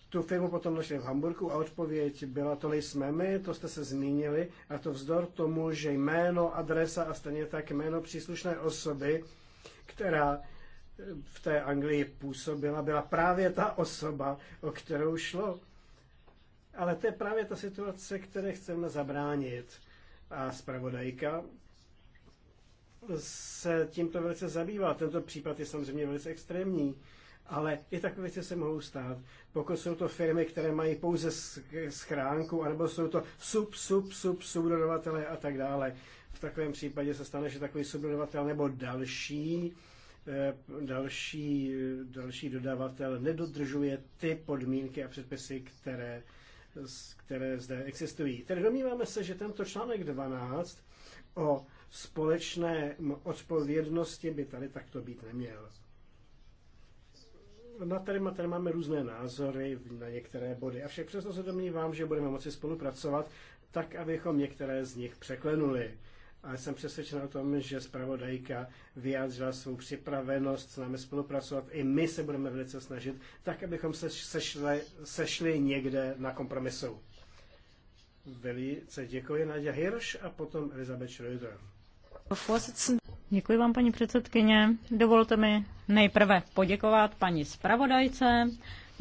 tu firmu potom našli v Hamburgu a odpověď byla, to nejsme my, to jste se zmínili a to vzdor tomu, že jméno, adresa a stejně tak jméno příslušné osoby, která v té Anglii působila, byla právě ta osoba, o kterou šlo. Ale to je právě ta situace, které chceme zabránit. A zpravodajka se tímto velice zabývá. Tento případ je samozřejmě velice extrémní, ale i takové věci se mohou stát. Pokud jsou to firmy, které mají pouze schránku, anebo jsou to sub, sub, sub, subdodavatelé a tak dále. V takovém případě se stane, že takový subdodavatel nebo další Eh, další, další dodavatel nedodržuje ty podmínky a předpisy, které, které zde existují. Tedy domníváme se, že tento článek 12 o společné odpovědnosti by tady takto být neměl. Na tady, tady máme různé názory na některé body, A však přesto se domnívám, že budeme moci spolupracovat tak, abychom některé z nich překlenuli ale jsem přesvědčen o tom, že zpravodajka vyjádřila svou připravenost s námi spolupracovat. I my se budeme velice snažit, tak abychom se sešli, sešli někde na kompromisu. Velice děkuji Nadia Hirš a potom Elizabeth Schroeder. Děkuji vám, paní předsedkyně. Dovolte mi nejprve poděkovat paní zpravodajce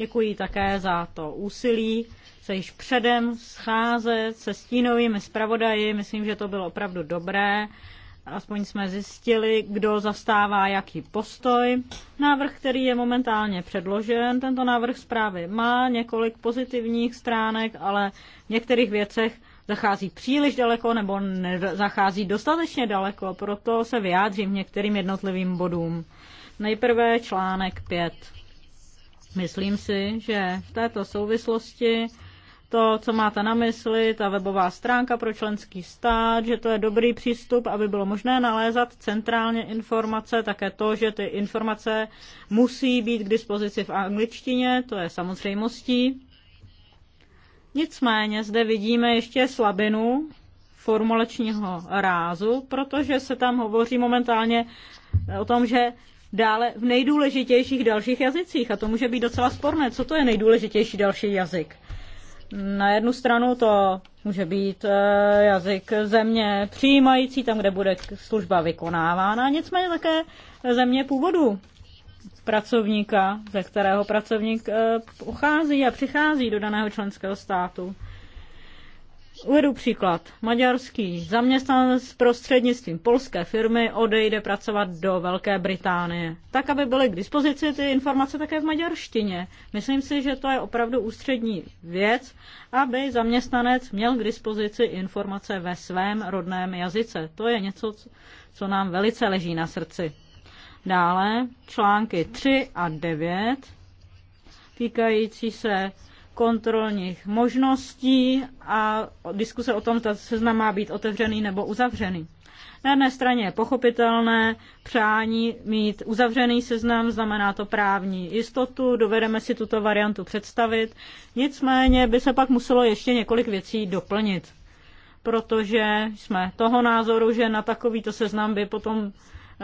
Děkuji také za to úsilí se již předem scházet se stínovými zpravodaji. Myslím, že to bylo opravdu dobré. Aspoň jsme zjistili, kdo zastává jaký postoj. Návrh, který je momentálně předložen, tento návrh zprávy má několik pozitivních stránek, ale v některých věcech zachází příliš daleko nebo zachází dostatečně daleko, proto se vyjádřím některým jednotlivým bodům. Nejprve článek 5. Myslím si, že v této souvislosti to, co máte na mysli, ta webová stránka pro členský stát, že to je dobrý přístup, aby bylo možné nalézat centrálně informace, také to, že ty informace musí být k dispozici v angličtině, to je samozřejmostí. Nicméně zde vidíme ještě slabinu formulačního rázu, protože se tam hovoří momentálně o tom, že dále v nejdůležitějších dalších jazycích. A to může být docela sporné. Co to je nejdůležitější další jazyk? Na jednu stranu to může být eh, jazyk země přijímající, tam, kde bude služba vykonávána, nicméně také země původu pracovníka, ze kterého pracovník eh, pochází a přichází do daného členského státu. Uvedu příklad. Maďarský zaměstnanec prostřednictvím polské firmy odejde pracovat do Velké Británie, tak aby byly k dispozici ty informace také v maďarštině. Myslím si, že to je opravdu ústřední věc, aby zaměstnanec měl k dispozici informace ve svém rodném jazyce. To je něco, co nám velice leží na srdci. Dále články 3 a 9 týkající se kontrolních možností a diskuse o tom, zda seznam má být otevřený nebo uzavřený. Na jedné straně je pochopitelné přání mít uzavřený seznam, znamená to právní jistotu, dovedeme si tuto variantu představit, nicméně by se pak muselo ještě několik věcí doplnit, protože jsme toho názoru, že na takovýto seznam by potom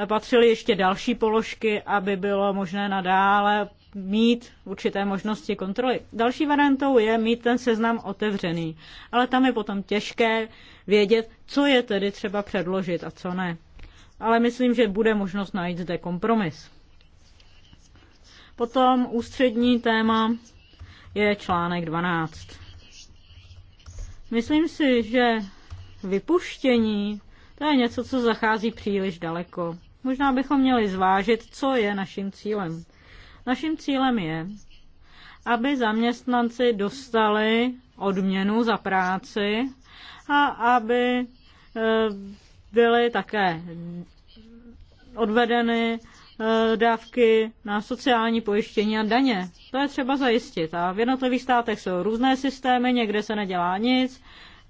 patřily ještě další položky, aby bylo možné nadále mít určité možnosti kontroly. Další variantou je mít ten seznam otevřený, ale tam je potom těžké vědět, co je tedy třeba předložit a co ne. Ale myslím, že bude možnost najít zde kompromis. Potom ústřední téma je článek 12. Myslím si, že vypuštění to je něco, co zachází příliš daleko. Možná bychom měli zvážit, co je naším cílem. Naším cílem je, aby zaměstnanci dostali odměnu za práci a aby eh, byly také odvedeny eh, dávky na sociální pojištění a daně. To je třeba zajistit. A v jednotlivých státech jsou různé systémy, někde se nedělá nic,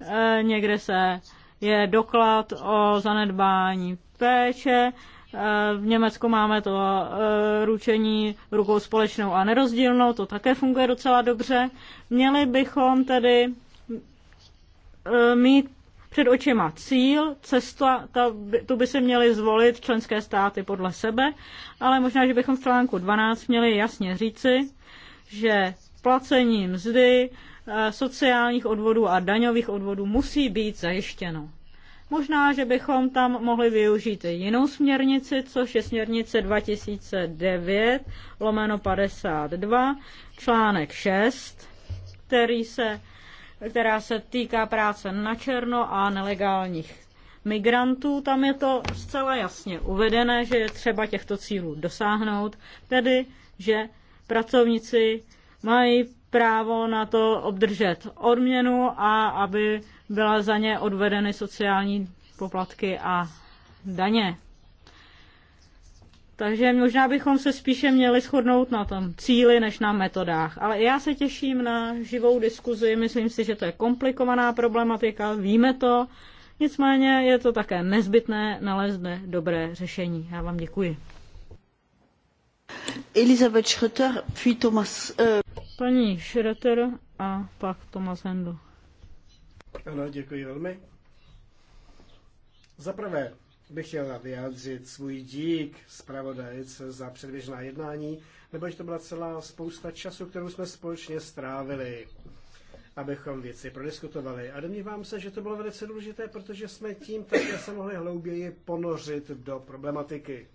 eh, někde se je doklad o zanedbání péče, Eh, v Německu máme to eh, ručení rukou společnou a nerozdílnou, to také funguje docela dobře. Měli bychom tedy eh, mít před očima cíl, cesta, ta, tu by se měly zvolit členské státy podle sebe, ale možná, že bychom v článku 12 měli jasně říci, že placení mzdy, sociálních odvodů a daňových odvodů musí být zajištěno. Možná, že bychom tam mohli využít jinou směrnici, což je směrnice 2009 lomeno 52, článek 6, který se, která se týká práce na černo a nelegálních migrantů. Tam je to zcela jasně uvedené, že je třeba těchto cílů dosáhnout, tedy že pracovníci mají právo na to obdržet odměnu a aby byla za ně odvedeny sociální poplatky a daně. Takže možná bychom se spíše měli shodnout na tom cíli než na metodách. Ale já se těším na živou diskuzi, myslím si, že to je komplikovaná problematika, víme to, nicméně je to také nezbytné, nalezné, dobré řešení. Já vám děkuji. Elizabeth Schröter, puis Thomas. Uh... Paní Schroeter a pak Tomas Hendl. Ano, děkuji velmi. Za prvé bych chtěl vyjádřit svůj dík zpravodajce za předběžná jednání, neboť to byla celá spousta času, kterou jsme společně strávili, abychom věci prodiskutovali. A domnívám se, že to bylo velice důležité, protože jsme tím také se mohli hlouběji ponořit do problematiky.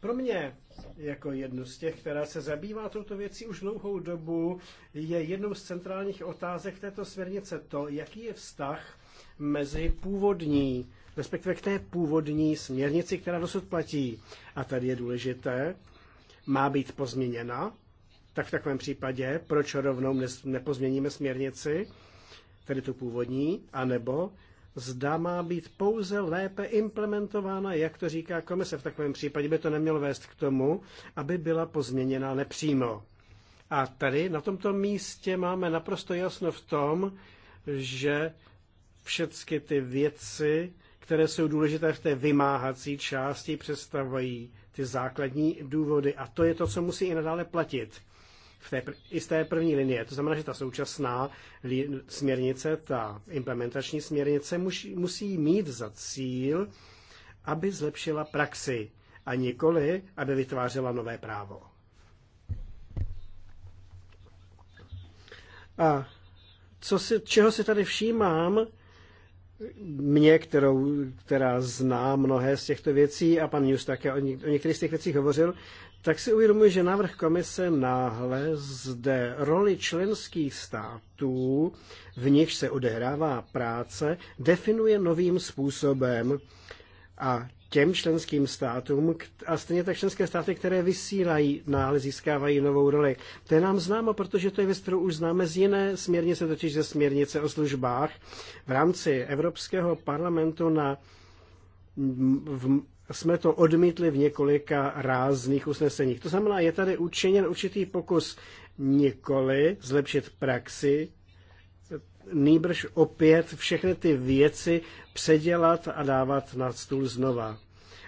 Pro mě, jako jednu z těch, která se zabývá touto věcí už dlouhou dobu, je jednou z centrálních otázek této směrnice to, jaký je vztah mezi původní, respektive k té původní směrnici, která dosud platí. A tady je důležité, má být pozměněna, tak v takovém případě, proč rovnou nepozměníme směrnici, tedy tu původní, anebo zda má být pouze lépe implementována, jak to říká komise. V takovém případě by to nemělo vést k tomu, aby byla pozměněna nepřímo. A tady na tomto místě máme naprosto jasno v tom, že všechny ty věci, které jsou důležité v té vymáhací části, představují ty základní důvody. A to je to, co musí i nadále platit v té, i z té první linie. To znamená, že ta současná směrnice, ta implementační směrnice musí, musí mít za cíl, aby zlepšila praxi a nikoli, aby vytvářela nové právo. A co si, čeho si tady všímám, mě, kterou, která zná mnohé z těchto věcí a pan News také o, něk- o některých z těch věcí hovořil, tak si uvědomuji, že návrh komise náhle zde roli členských států, v nichž se odehrává práce, definuje novým způsobem a těm členským státům a stejně tak členské státy, které vysílají, náhle získávají novou roli. To je nám známo, protože to je věc, kterou už známe z jiné směrnice, totiž ze směrnice o službách. V rámci Evropského parlamentu na v jsme to odmítli v několika rázných usneseních. To znamená, je tady učiněn určitý pokus nikoli zlepšit praxi, nýbrž opět všechny ty věci předělat a dávat na stůl znova.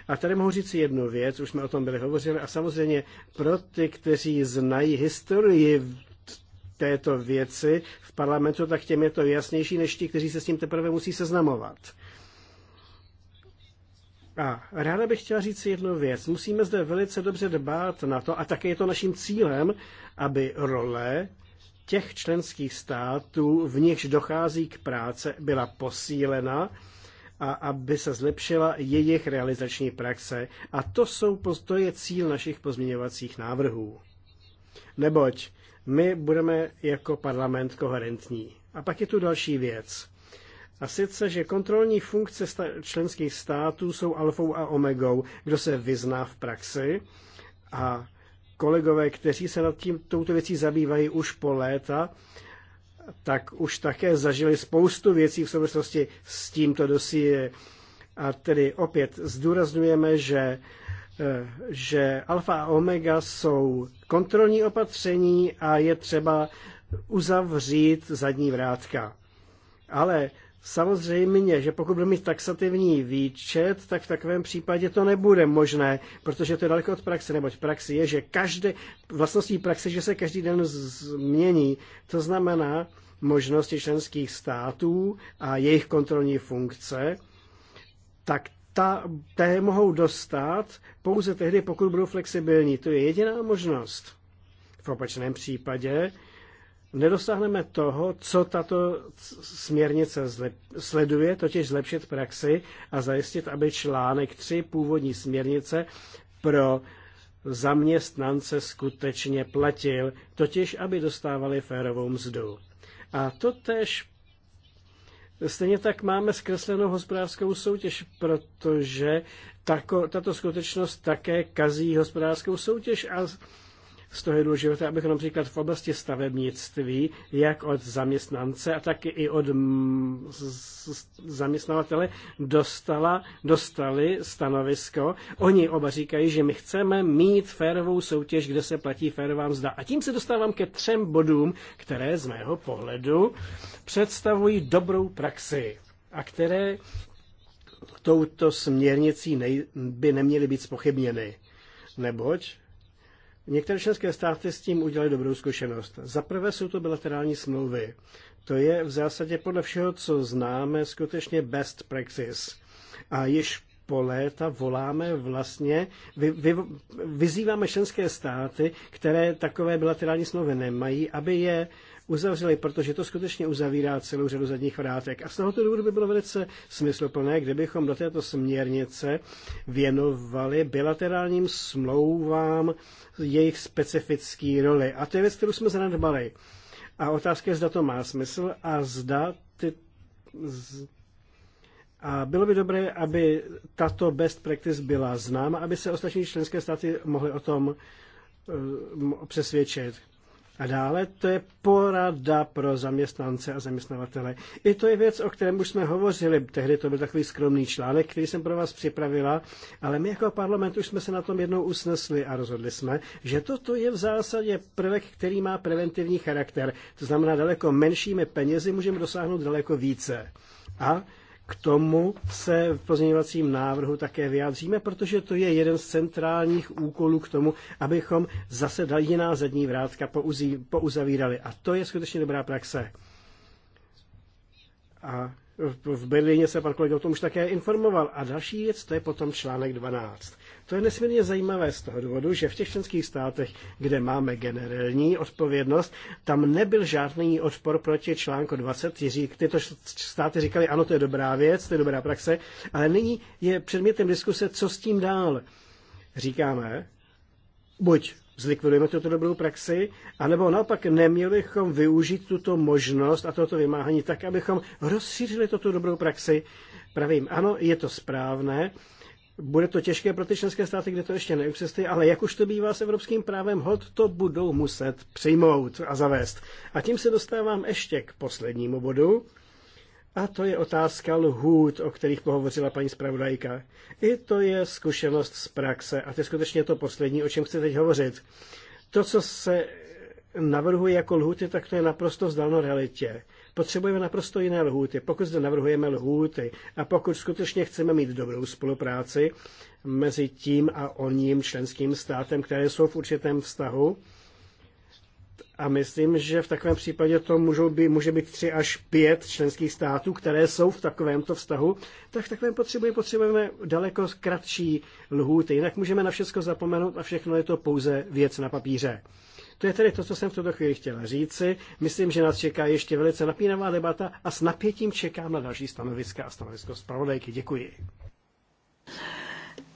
A tady mohu říct jednu věc, už jsme o tom byli hovořili, a samozřejmě pro ty, kteří znají historii této věci v parlamentu, tak těm je to jasnější než ti, kteří se s tím teprve musí seznamovat. A ráda bych chtěla říct jednu věc. Musíme zde velice dobře dbát na to, a také je to naším cílem, aby role těch členských států, v nichž dochází k práce, byla posílena a aby se zlepšila jejich realizační praxe. A to, jsou, to je cíl našich pozměňovacích návrhů. Neboť my budeme jako parlament koherentní. A pak je tu další věc. A sice, že kontrolní funkce členských států jsou alfou a omegou, kdo se vyzná v praxi a kolegové, kteří se nad tím touto věcí zabývají už po léta, tak už také zažili spoustu věcí v souvislosti s tímto dosíje. A tedy opět zdůrazňujeme, že, eh, že alfa a omega jsou kontrolní opatření a je třeba uzavřít zadní vrátka. Ale Samozřejmě, že pokud budeme mít taxativní výčet, tak v takovém případě to nebude možné, protože to je daleko od praxe, neboť praxi je, že každé, vlastností praxe, že se každý den změní. To znamená možnosti členských států a jejich kontrolní funkce, tak ta, té mohou dostat pouze tehdy, pokud budou flexibilní. To je jediná možnost. V opačném případě nedosáhneme toho, co tato směrnice zlep, sleduje, totiž zlepšit praxi a zajistit, aby článek 3 původní směrnice pro zaměstnance skutečně platil, totiž aby dostávali férovou mzdu. A to tež Stejně tak máme zkreslenou hospodářskou soutěž, protože tako, tato skutečnost také kazí hospodářskou soutěž a z toho je důležité, abychom například v oblasti stavebnictví, jak od zaměstnance a taky i od zaměstnavatele dostala, dostali stanovisko. Oni oba říkají, že my chceme mít férovou soutěž, kde se platí férová mzda. A tím se dostávám ke třem bodům, které z mého pohledu představují dobrou praxi a které touto směrnicí nej, by neměly být spochybněny. Neboť Některé členské státy s tím udělali dobrou zkušenost. Za prvé jsou to bilaterální smlouvy. To je v zásadě podle všeho, co známe, skutečně best practice. A již po léta voláme vlastně, vy, vy, vyzýváme členské státy, které takové bilaterální smlouvy nemají, aby je uzavřeli, protože to skutečně uzavírá celou řadu zadních vrátek. A z tohoto důvodu by bylo velice smysluplné, kdybychom do této směrnice věnovali bilaterálním smlouvám jejich specifický roli. A to je věc, kterou jsme zanedbali. A otázka je, zda to má smysl a zda ty, a bylo by dobré, aby tato best practice byla známa, aby se ostatní členské státy mohly o tom eh, přesvědčit. A dále to je porada pro zaměstnance a zaměstnavatele. I to je věc, o kterém už jsme hovořili. Tehdy to byl takový skromný článek, který jsem pro vás připravila, ale my jako parlament už jsme se na tom jednou usnesli a rozhodli jsme, že toto je v zásadě prvek, který má preventivní charakter. To znamená, daleko menšími penězi můžeme dosáhnout daleko více. A k tomu se v pozměňovacím návrhu také vyjádříme, protože to je jeden z centrálních úkolů k tomu, abychom zase dal jiná zadní vrátka pouzavírali. A to je skutečně dobrá praxe. A v Berlíně se pan kolega o tom už také informoval. A další věc, to je potom článek 12. To je nesmírně zajímavé z toho důvodu, že v těch členských státech, kde máme generální odpovědnost, tam nebyl žádný odpor proti článku 20. Tyto státy říkali, ano, to je dobrá věc, to je dobrá praxe, ale nyní je předmětem diskuse, co s tím dál. Říkáme, buď zlikvidujeme tuto dobrou praxi, anebo naopak neměli bychom využít tuto možnost a toto vymáhání tak, abychom rozšířili tuto dobrou praxi. Pravím, ano, je to správné, bude to těžké pro ty členské státy, kde to ještě neexistuje, ale jak už to bývá s evropským právem hod, to budou muset přijmout a zavést. A tím se dostávám ještě k poslednímu bodu, a to je otázka lhůt, o kterých pohovořila paní zpravodajka. I to je zkušenost z praxe a to je skutečně to poslední, o čem chci teď hovořit. To, co se navrhuje jako lhůty, tak to je naprosto vzdáno realitě potřebujeme naprosto jiné lhůty. Pokud zde navrhujeme lhůty a pokud skutečně chceme mít dobrou spolupráci mezi tím a oním členským státem, které jsou v určitém vztahu, a myslím, že v takovém případě to můžou být, může být tři až pět členských států, které jsou v takovémto vztahu, tak v takovém potřebuji, potřebujeme daleko kratší lhůty. Jinak můžeme na všechno zapomenout a všechno je to pouze věc na papíře. To je tedy to, co jsem v tuto chvíli chtěla říci. Myslím, že nás čeká ještě velice napínavá debata a s napětím čekám na další stanoviska a stanovisko zpravodajky. Děkuji.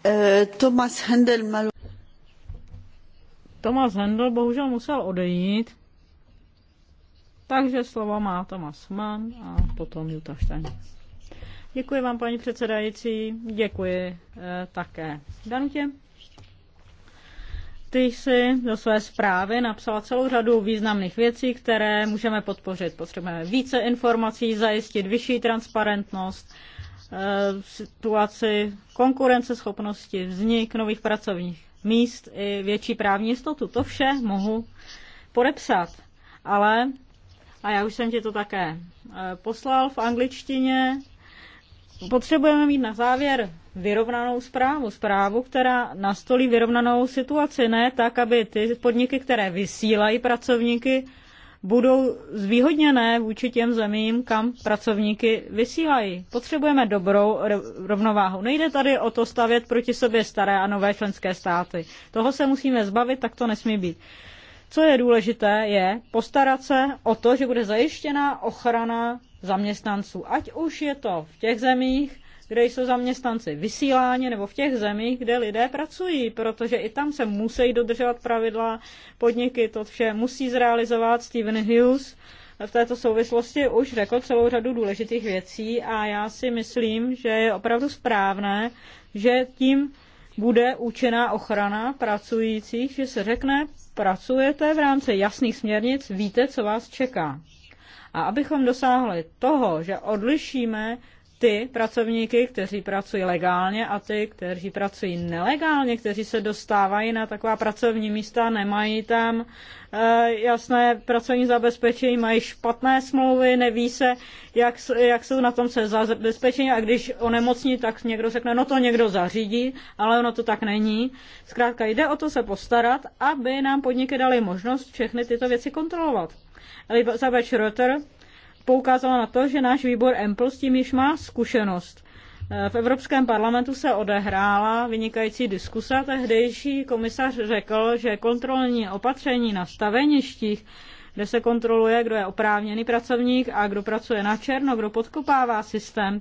Eh, Thomas Hendel mal... Thomas Hendel bohužel musel odejít, takže slovo má Tomas Mann a potom Jutta Stein. Děkuji vám, paní předsedající, děkuji eh, také Danutě ty jsi do své zprávy napsala celou řadu významných věcí, které můžeme podpořit. Potřebujeme více informací, zajistit vyšší transparentnost, eh, situaci konkurenceschopnosti, vznik nových pracovních míst i větší právní jistotu. To vše mohu podepsat. Ale, a já už jsem ti to také eh, poslal v angličtině, potřebujeme mít na závěr vyrovnanou zprávu. Zprávu, která nastolí vyrovnanou situaci, ne tak, aby ty podniky, které vysílají pracovníky, budou zvýhodněné vůči těm zemím, kam pracovníky vysílají. Potřebujeme dobrou rovnováhu. Nejde tady o to stavět proti sobě staré a nové členské státy. Toho se musíme zbavit, tak to nesmí být. Co je důležité, je postarat se o to, že bude zajištěna ochrana zaměstnanců. Ať už je to v těch zemích, kde jsou zaměstnanci vysíláni, nebo v těch zemích, kde lidé pracují, protože i tam se musí dodržovat pravidla, podniky to vše musí zrealizovat. Steven Hughes v této souvislosti už řekl celou řadu důležitých věcí a já si myslím, že je opravdu správné, že tím bude účinná ochrana pracujících, že se řekne, pracujete v rámci jasných směrnic, víte, co vás čeká. A abychom dosáhli toho, že odlišíme ty pracovníky, kteří pracují legálně a ty, kteří pracují nelegálně, kteří se dostávají na taková pracovní místa, nemají tam e, jasné pracovní zabezpečení, mají špatné smlouvy, neví se, jak, jak jsou na tom se zabezpečení a když onemocní, tak někdo řekne, no to někdo zařídí, ale ono to tak není. Zkrátka jde o to se postarat, aby nám podniky dali možnost všechny tyto věci kontrolovat. Elizabeth Schroeter poukázala na to, že náš výbor EMPL s tím již má zkušenost. E, v Evropském parlamentu se odehrála vynikající diskuse. Tehdejší komisař řekl, že kontrolní opatření na staveništích, kde se kontroluje, kdo je oprávněný pracovník a kdo pracuje na černo, kdo podkopává systém,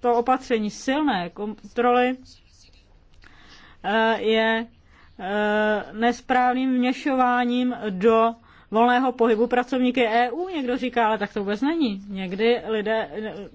to opatření silné kontroly e, je e, nesprávným vněšováním do volného pohybu pracovníky EU, někdo říká, ale tak to vůbec není. Někdy lidé,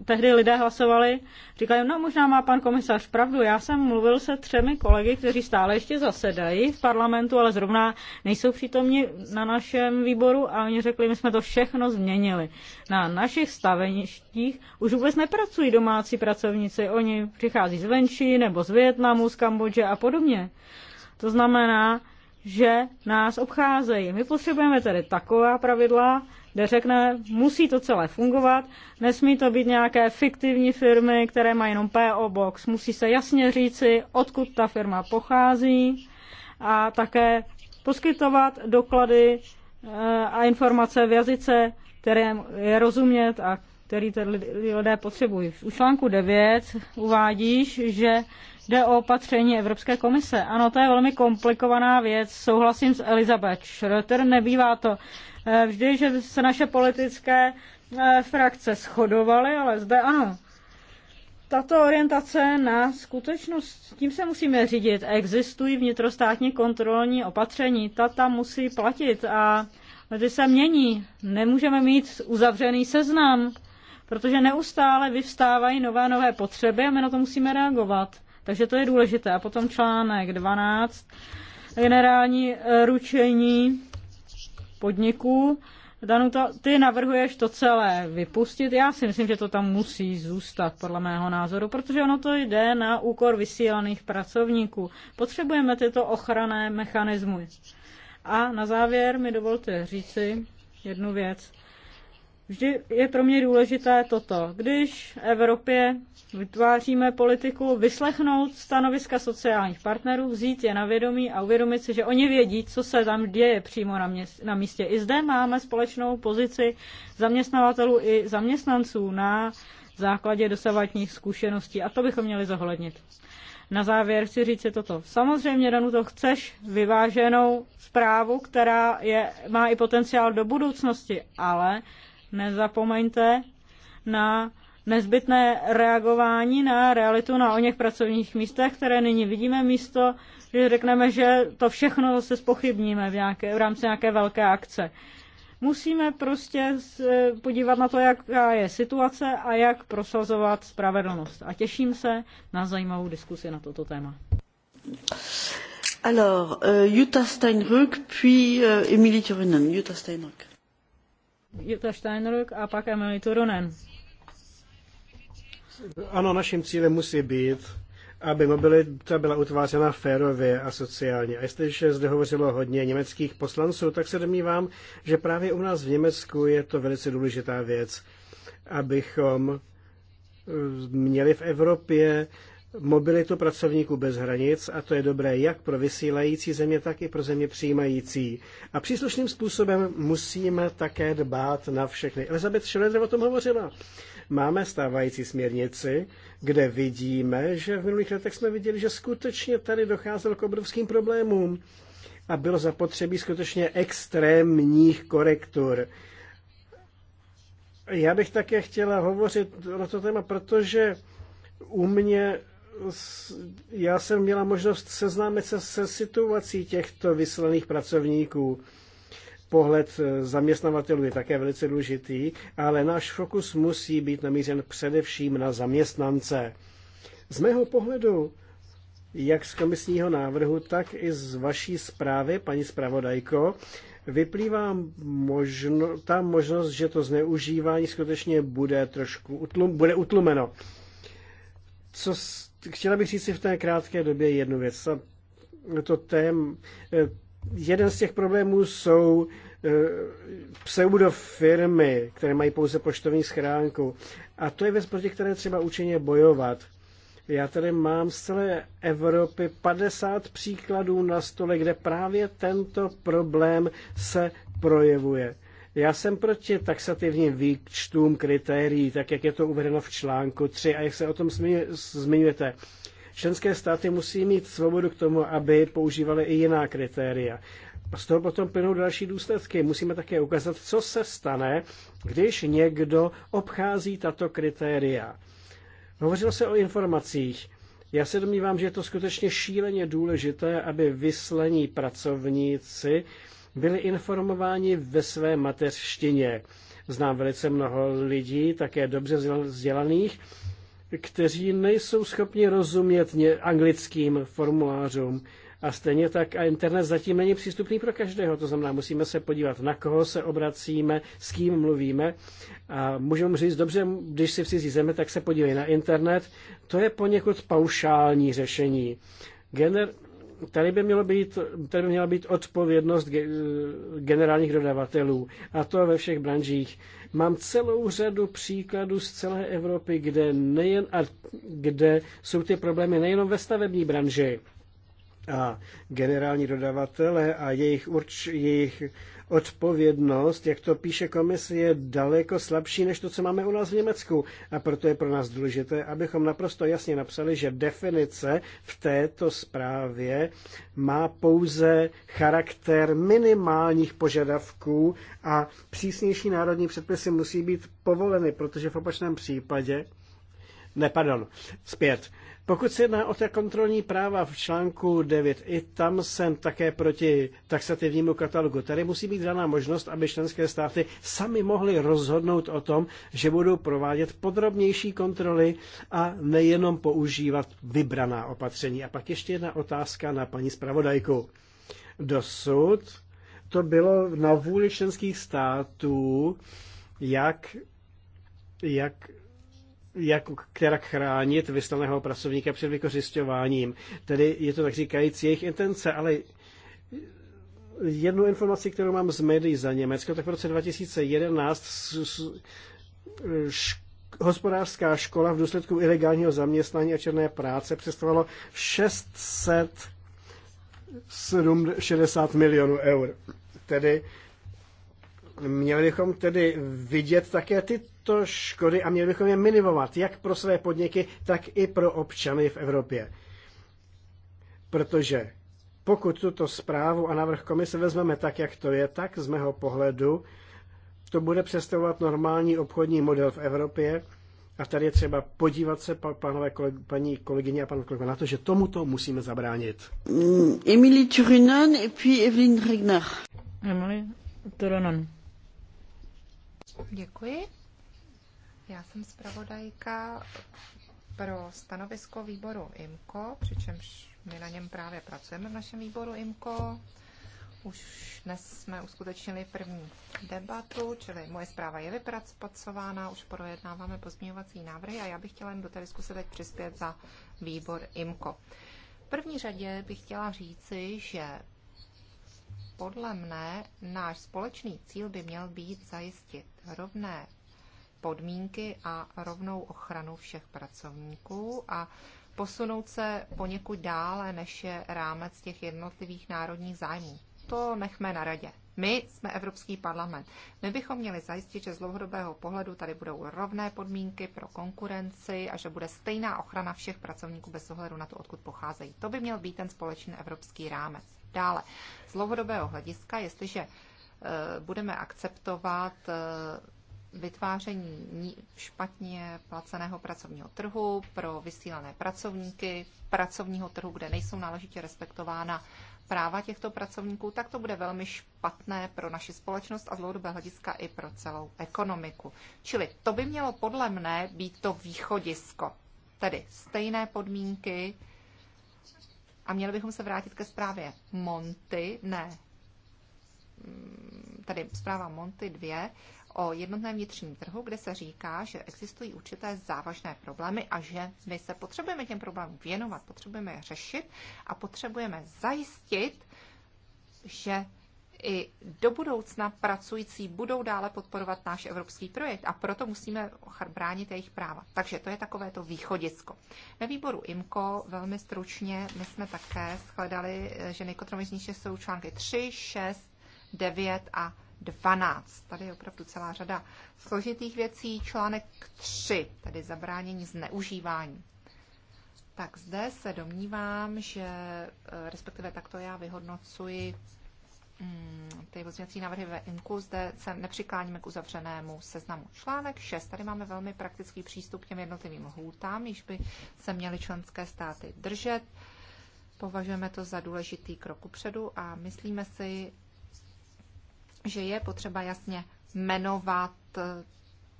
tehdy lidé hlasovali, říkají, no možná má pan komisař pravdu, já jsem mluvil se třemi kolegy, kteří stále ještě zasedají v parlamentu, ale zrovna nejsou přítomni na našem výboru a oni řekli, my jsme to všechno změnili. Na našich staveništích už vůbec nepracují domácí pracovníci, oni přichází z zvenčí nebo z Větnamu, z Kambodže a podobně. To znamená, že nás obcházejí. My potřebujeme tedy taková pravidla, kde řekne, musí to celé fungovat, nesmí to být nějaké fiktivní firmy, které mají jenom PO Box. Musí se jasně říci, odkud ta firma pochází a také poskytovat doklady eh, a informace v jazyce, které je rozumět a který lidé potřebují. U článku 9 uvádíš, že Jde o opatření Evropské komise. Ano, to je velmi komplikovaná věc. Souhlasím s Elizabeth Schröter. Nebývá to eh, vždy, že se naše politické eh, frakce shodovaly, ale zde ano. Tato orientace na skutečnost, tím se musíme řídit. Existují vnitrostátní kontrolní opatření, ta tam musí platit a ty se mění. Nemůžeme mít uzavřený seznam, protože neustále vyvstávají nové nové potřeby a my na to musíme reagovat. Takže to je důležité. A potom článek 12, generální eh, ručení podniků. Danuta, ty navrhuješ to celé vypustit. Já si myslím, že to tam musí zůstat, podle mého názoru, protože ono to jde na úkor vysílaných pracovníků. Potřebujeme tyto ochranné mechanismy. A na závěr mi dovolte říci jednu věc. Vždy je pro mě důležité toto. Když Evropě vytváříme politiku vyslechnout stanoviska sociálních partnerů, vzít je na vědomí a uvědomit si, že oni vědí, co se tam děje přímo na, měst, na místě. I zde máme společnou pozici zaměstnavatelů i zaměstnanců na základě dosavatních zkušeností a to bychom měli zohlednit. Na závěr chci říct si toto. Samozřejmě, Danu, to chceš vyváženou zprávu, která je, má i potenciál do budoucnosti, ale nezapomeňte na nezbytné reagování na realitu na o něch pracovních místech, které nyní vidíme místo, že řekneme, že to všechno zase spochybníme v, nějaké, v rámci nějaké velké akce. Musíme prostě e, podívat na to, jaká je situace a jak prosazovat spravedlnost. A těším se na zajímavou diskusi na toto téma. Alors, euh, Jutta Steinrück, puis euh, Emilie Turunen. Jutta Steinrück. Jutta Steinrück a pak Emilie Turunen ano, naším cílem musí být, aby mobilita byla utvářena férově a sociálně. A jestliže zde hovořilo hodně německých poslanců, tak se domnívám, že právě u nás v Německu je to velice důležitá věc, abychom eh, měli v Evropě mobilitu pracovníků bez hranic a to je dobré jak pro vysílající země, tak i pro země přijímající. A příslušným způsobem musíme také dbát na všechny. Elizabeth Schroeder o tom hovořila. Máme stávající směrnici, kde vidíme, že v minulých letech jsme viděli, že skutečně tady docházelo k obrovským problémům a bylo zapotřebí skutečně extrémních korektur. Já bych také chtěla hovořit o to téma, protože u mě já jsem měla možnost seznámit se se situací těchto vyslaných pracovníků pohled eh, zaměstnavatelů je také velice důležitý, ale náš fokus musí být namířen především na zaměstnance. Z mého pohledu, jak z komisního návrhu, tak i z vaší zprávy, paní zpravodajko, vyplývá možno, ta možnost, že to zneužívání skutečně bude trošku utlum, bude utlumeno. Co, chtěla bych říct si v té krátké době jednu věc. To tém, Jeden z těch problémů jsou eh, pseudofirmy, které mají pouze poštovní schránku. A to je věc, proti které třeba účinně bojovat. Já tady mám z celé Evropy 50 příkladů na stole, kde právě tento problém se projevuje. Já jsem proti taxativním výčtům kritérií, tak jak je to uvedeno v článku 3 a jak se o tom zmiňujete. Členské státy musí mít svobodu k tomu, aby používaly i jiná kritéria. Z toho potom plynou další důsledky. Musíme také ukázat, co se stane, když někdo obchází tato kritéria. Hovořilo se o informacích. Já se domnívám, že je to skutečně šíleně důležité, aby vyslení pracovníci byli informováni ve své mateřštině. Znám velice mnoho lidí, také dobře vzdělaných, kteří nejsou schopni rozumět anglickým formulářům. A stejně tak a internet zatím není přístupný pro každého. To znamená, musíme se podívat, na koho se obracíme, s kým mluvíme. A můžeme říct, dobře, když si v cizí zemi, tak se podívej na internet. To je poněkud paušální řešení. Gener- tady by, mělo být, tady by měla být odpovědnost generálních dodavatelů, a to ve všech branžích. Mám celou řadu příkladů z celé Evropy, kde, nejen, a kde jsou ty problémy nejenom ve stavební branži, a generální dodavatele a jejich, urč, jejich odpovědnost, jak to píše komise, je daleko slabší než to, co máme u nás v Německu. A proto je pro nás důležité, abychom naprosto jasně napsali, že definice v této zprávě má pouze charakter minimálních požadavků a přísnější národní předpisy musí být povoleny, protože v opačném případě ne, pardon, zpět. Pokud se jedná o ta kontrolní práva v článku 9, i tam jsem také proti taxativnímu katalogu. Tady musí být daná možnost, aby členské státy sami mohly rozhodnout o tom, že budou provádět podrobnější kontroly a nejenom používat vybraná opatření. A pak ještě jedna otázka na paní zpravodajku. Dosud to bylo na vůli členských států, jak, jak jak, která chránit vyslaného pracovníka před vykořišťováním. Tedy je to tak říkajíc jejich intence, ale jednu informaci, kterou mám z médií za Německo, tak v roce 2011 hospodářská škola v důsledku ilegálního zaměstnání a černé práce představovalo 660 milionů eur. Tedy měli bychom tedy vidět také ty tyto škody a měli bychom je minimovat, jak pro své podniky, tak i pro občany v Evropě. Protože pokud tuto zprávu a návrh komise vezmeme tak, jak to je, tak z mého pohledu to bude představovat normální obchodní model v Evropě. A tady je třeba podívat se, pánové, koleg, paní kolegyně a pan kolega, na to, že tomuto musíme zabránit. Mm, Emily Turunen a puis Evelyn Regner. Emily Turunen. Děkuji. Já jsem zpravodajka pro stanovisko výboru Imko, přičemž my na něm právě pracujeme v našem výboru Imko. Už dnes jsme uskutečnili první debatu, čili moje zpráva je vypracována, už projednáváme pozměňovací návrhy a já bych chtěla jen do té diskuse teď přispět za výbor Imko. V první řadě bych chtěla říci, že podle mne náš společný cíl by měl být zajistit rovné podmínky a rovnou ochranu všech pracovníků a posunout se poněkud dále, než je rámec těch jednotlivých národních zájmů. To nechme na radě. My jsme Evropský parlament. My bychom měli zajistit, že z dlouhodobého pohledu tady budou rovné podmínky pro konkurenci a že bude stejná ochrana všech pracovníků bez ohledu na to, odkud pocházejí. To by měl být ten společný evropský rámec. Dále, z dlouhodobého hlediska, jestliže eh, budeme akceptovat eh, vytváření špatně placeného pracovního trhu pro vysílané pracovníky, pracovního trhu, kde nejsou náležitě respektována práva těchto pracovníků, tak to bude velmi špatné pro naši společnost a z dlouhodobého hlediska i pro celou ekonomiku. Čili to by mělo podle mne být to východisko, tedy stejné podmínky a měli bychom se vrátit ke zprávě Monty, ne, mm, tady zpráva Monty 2, o jednotném vnitřním trhu, kde se říká, že existují určité závažné problémy a že my se potřebujeme těm problémům věnovat, potřebujeme je řešit a potřebujeme zajistit, že i do budoucna pracující budou dále podporovat náš evropský projekt a proto musíme bránit jejich práva. Takže to je takové to východisko. Ve výboru IMCO velmi stručně my jsme také shledali, že nejkotromičnější jsou články 3, 6, 9 a 12. Tady je opravdu celá řada složitých věcí. Článek 3, tedy zabránění zneužívání. Tak zde se domnívám, že eh, respektive takto já vyhodnocuji mm, ty pozměcí návrhy ve INKU, zde se nepřikláníme k uzavřenému seznamu. Článek 6, tady máme velmi praktický přístup k těm jednotlivým lhůtám, již by se měly členské státy držet. Považujeme to za důležitý krok upředu a myslíme si, že je potřeba jasně jmenovat eh,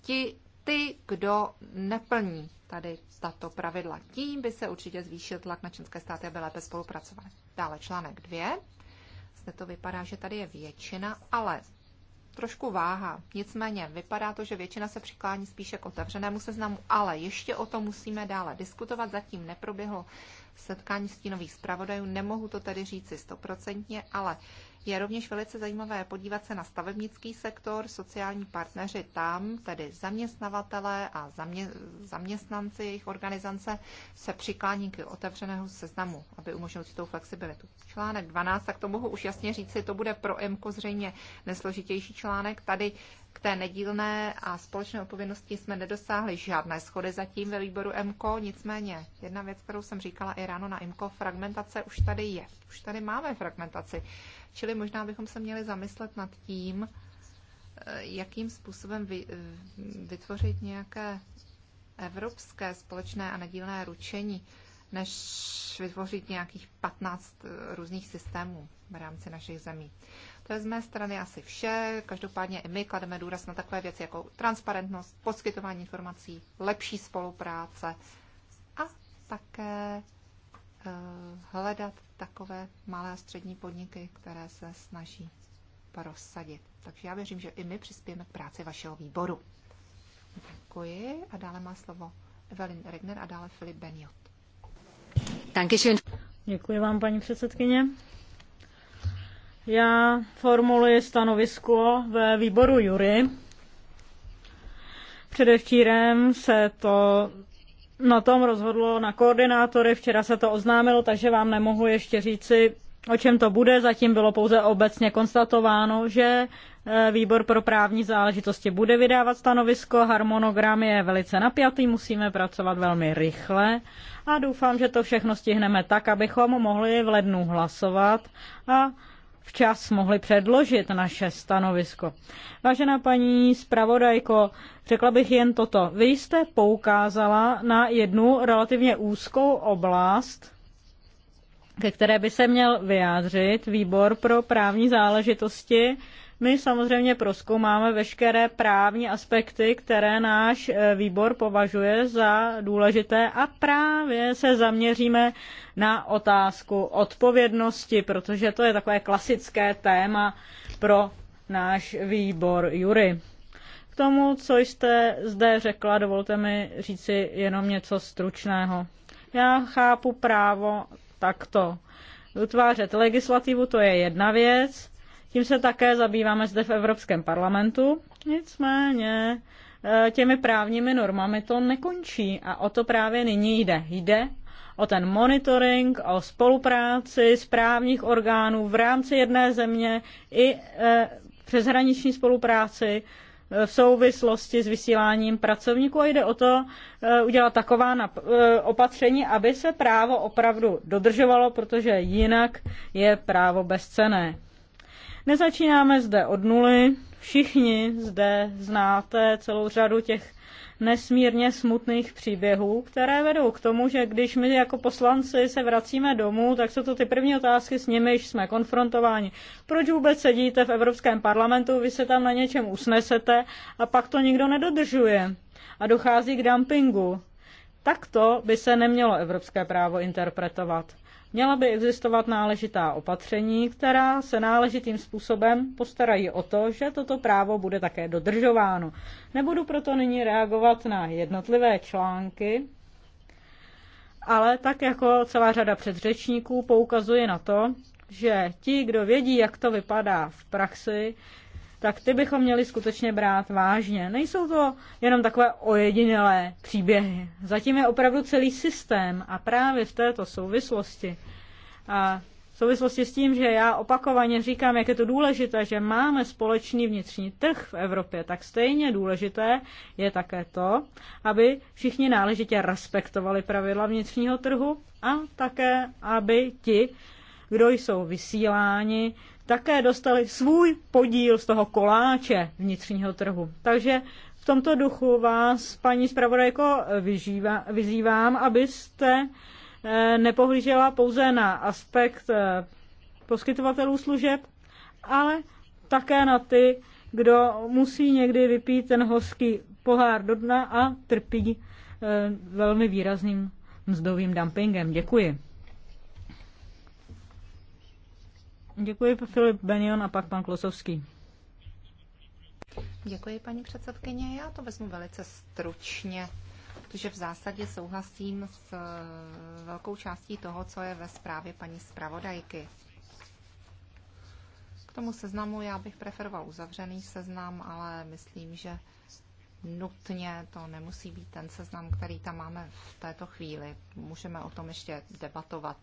ti, ty, kdo neplní tady tato pravidla. Tím by se určitě zvýšil tlak na členské státy, aby lépe spolupracovaly. Dále článek 2. Zde to vypadá, že tady je většina, ale trošku váha. Nicméně vypadá to, že většina se přiklání spíše k otevřenému seznamu, ale ještě o tom musíme dále diskutovat. Zatím neproběhlo setkání stínových zpravodajů, nemohu to tady říci stoprocentně, ale je rovněž velice zajímavé podívat se na stavebnický sektor, sociální partneři tam, tedy zaměstnavatele a zamě, zaměstnanci jejich organizace, se přiklání k otevřeného seznamu, aby umožnil určitou flexibilitu. Článek 12, tak to mohu už jasně říct, to bude pro EMKO zřejmě nesložitější článek. Tady k té nedílné a společné odpovědnosti jsme nedosáhli žádné schody zatím ve výboru MKO, nicméně jedna věc, kterou jsem říkala i ráno na MK, fragmentace už tady je. Už tady máme fragmentaci. Čili možná bychom se měli zamyslet nad tím, eh, jakým způsobem eh, vytvořit nějaké evropské společné a nedílné ručení, než vytvořit nějakých 15 eh, různých systémů v rámci našich zemí. To je z mé strany asi vše. Každopádně i my klademe důraz na takové věci jako transparentnost, poskytování informací, lepší spolupráce a také eh, hledat takové malé a střední podniky, které se snaží prosadit. Takže já věřím, že i my přispějeme k práci vašeho výboru. Děkuji a dále má slovo Evelyn Regner a dále Filip Beniot. Děkuji vám, paní předsedkyně. Já formuluji stanovisko ve výboru Jury. Předevčírem se to na tom rozhodlo na koordinátory, včera se to oznámilo, takže vám nemohu ještě říci, o čem to bude. Zatím bylo pouze obecně konstatováno, že e, výbor pro právní záležitosti bude vydávat stanovisko. Harmonogram je velice napjatý, musíme pracovat velmi rychle a doufám, že to všechno stihneme tak, abychom mohli v lednu hlasovat a včas mohli předložit naše stanovisko. Vážená paní zpravodajko, řekla bych jen toto. Vy jste poukázala na jednu relativně úzkou oblast, ke které by se měl vyjádřit výbor pro právní záležitosti my samozřejmě proskoumáme veškeré právní aspekty, které náš eh, výbor považuje za důležité a právě se zaměříme na otázku odpovědnosti, protože to je takové klasické téma pro náš výbor Jury. K tomu, co jste zde řekla, dovolte mi říci jenom něco stručného. Já chápu právo takto. Utvářet legislativu to je jedna věc, tím se také zabýváme zde v Evropském parlamentu. Nicméně e, těmi právními normami to nekončí a o to právě nyní jde. Jde o ten monitoring, o spolupráci správních orgánů v rámci jedné země i e, přeshraniční spolupráci e, v souvislosti s vysíláním pracovníků a jde o to udělat taková opatření, aby se právo opravdu dodržovalo, protože jinak je právo bezcené. Nezačínáme zde od nuly, všichni zde znáte celou řadu těch nesmírně smutných příběhů, které vedou k tomu, že když my jako poslanci se vracíme domů, tak jsou to ty první otázky, s nimiž jsme konfrontováni. Proč vůbec sedíte v Evropském parlamentu, vy se tam na něčem usnesete a pak to nikdo nedodržuje a dochází k dumpingu. Takto by se nemělo evropské právo interpretovat. Měla by existovat náležitá opatření, která se náležitým způsobem postarají o to, že toto právo bude také dodržováno. Nebudu proto nyní reagovat na jednotlivé články, ale tak jako celá řada předřečníků poukazuje na to, že ti, kdo vědí, jak to vypadá v praxi, tak ty bychom měli skutečně brát vážně. Nejsou to jenom takové ojedinělé příběhy. Zatím je opravdu celý systém a právě v této souvislosti a v souvislosti s tím, že já opakovaně říkám, jak je to důležité, že máme společný vnitřní trh v Evropě, tak stejně důležité je také to, aby všichni náležitě respektovali pravidla vnitřního trhu a také, aby ti, kdo jsou vysíláni, také dostali svůj podíl z toho koláče vnitřního trhu. Takže v tomto duchu vás, paní zpravodajko, vyzývám, abyste eh, nepohlížela pouze na aspekt eh, poskytovatelů služeb, ale také na ty, kdo musí někdy vypít ten hořký pohár do dna a trpí eh, velmi výrazným mzdovým dumpingem. Děkuji. Děkuji Filip Benion a pak pan Klosovský. Děkuji, paní předsedkyně. Já to vezmu velice stručně, protože v zásadě souhlasím s eh, velkou částí toho, co je ve zprávě paní zpravodajky. K tomu seznamu já bych preferoval uzavřený seznam, ale myslím, že nutně to nemusí být ten seznam, který tam máme v této chvíli. Můžeme o tom ještě debatovat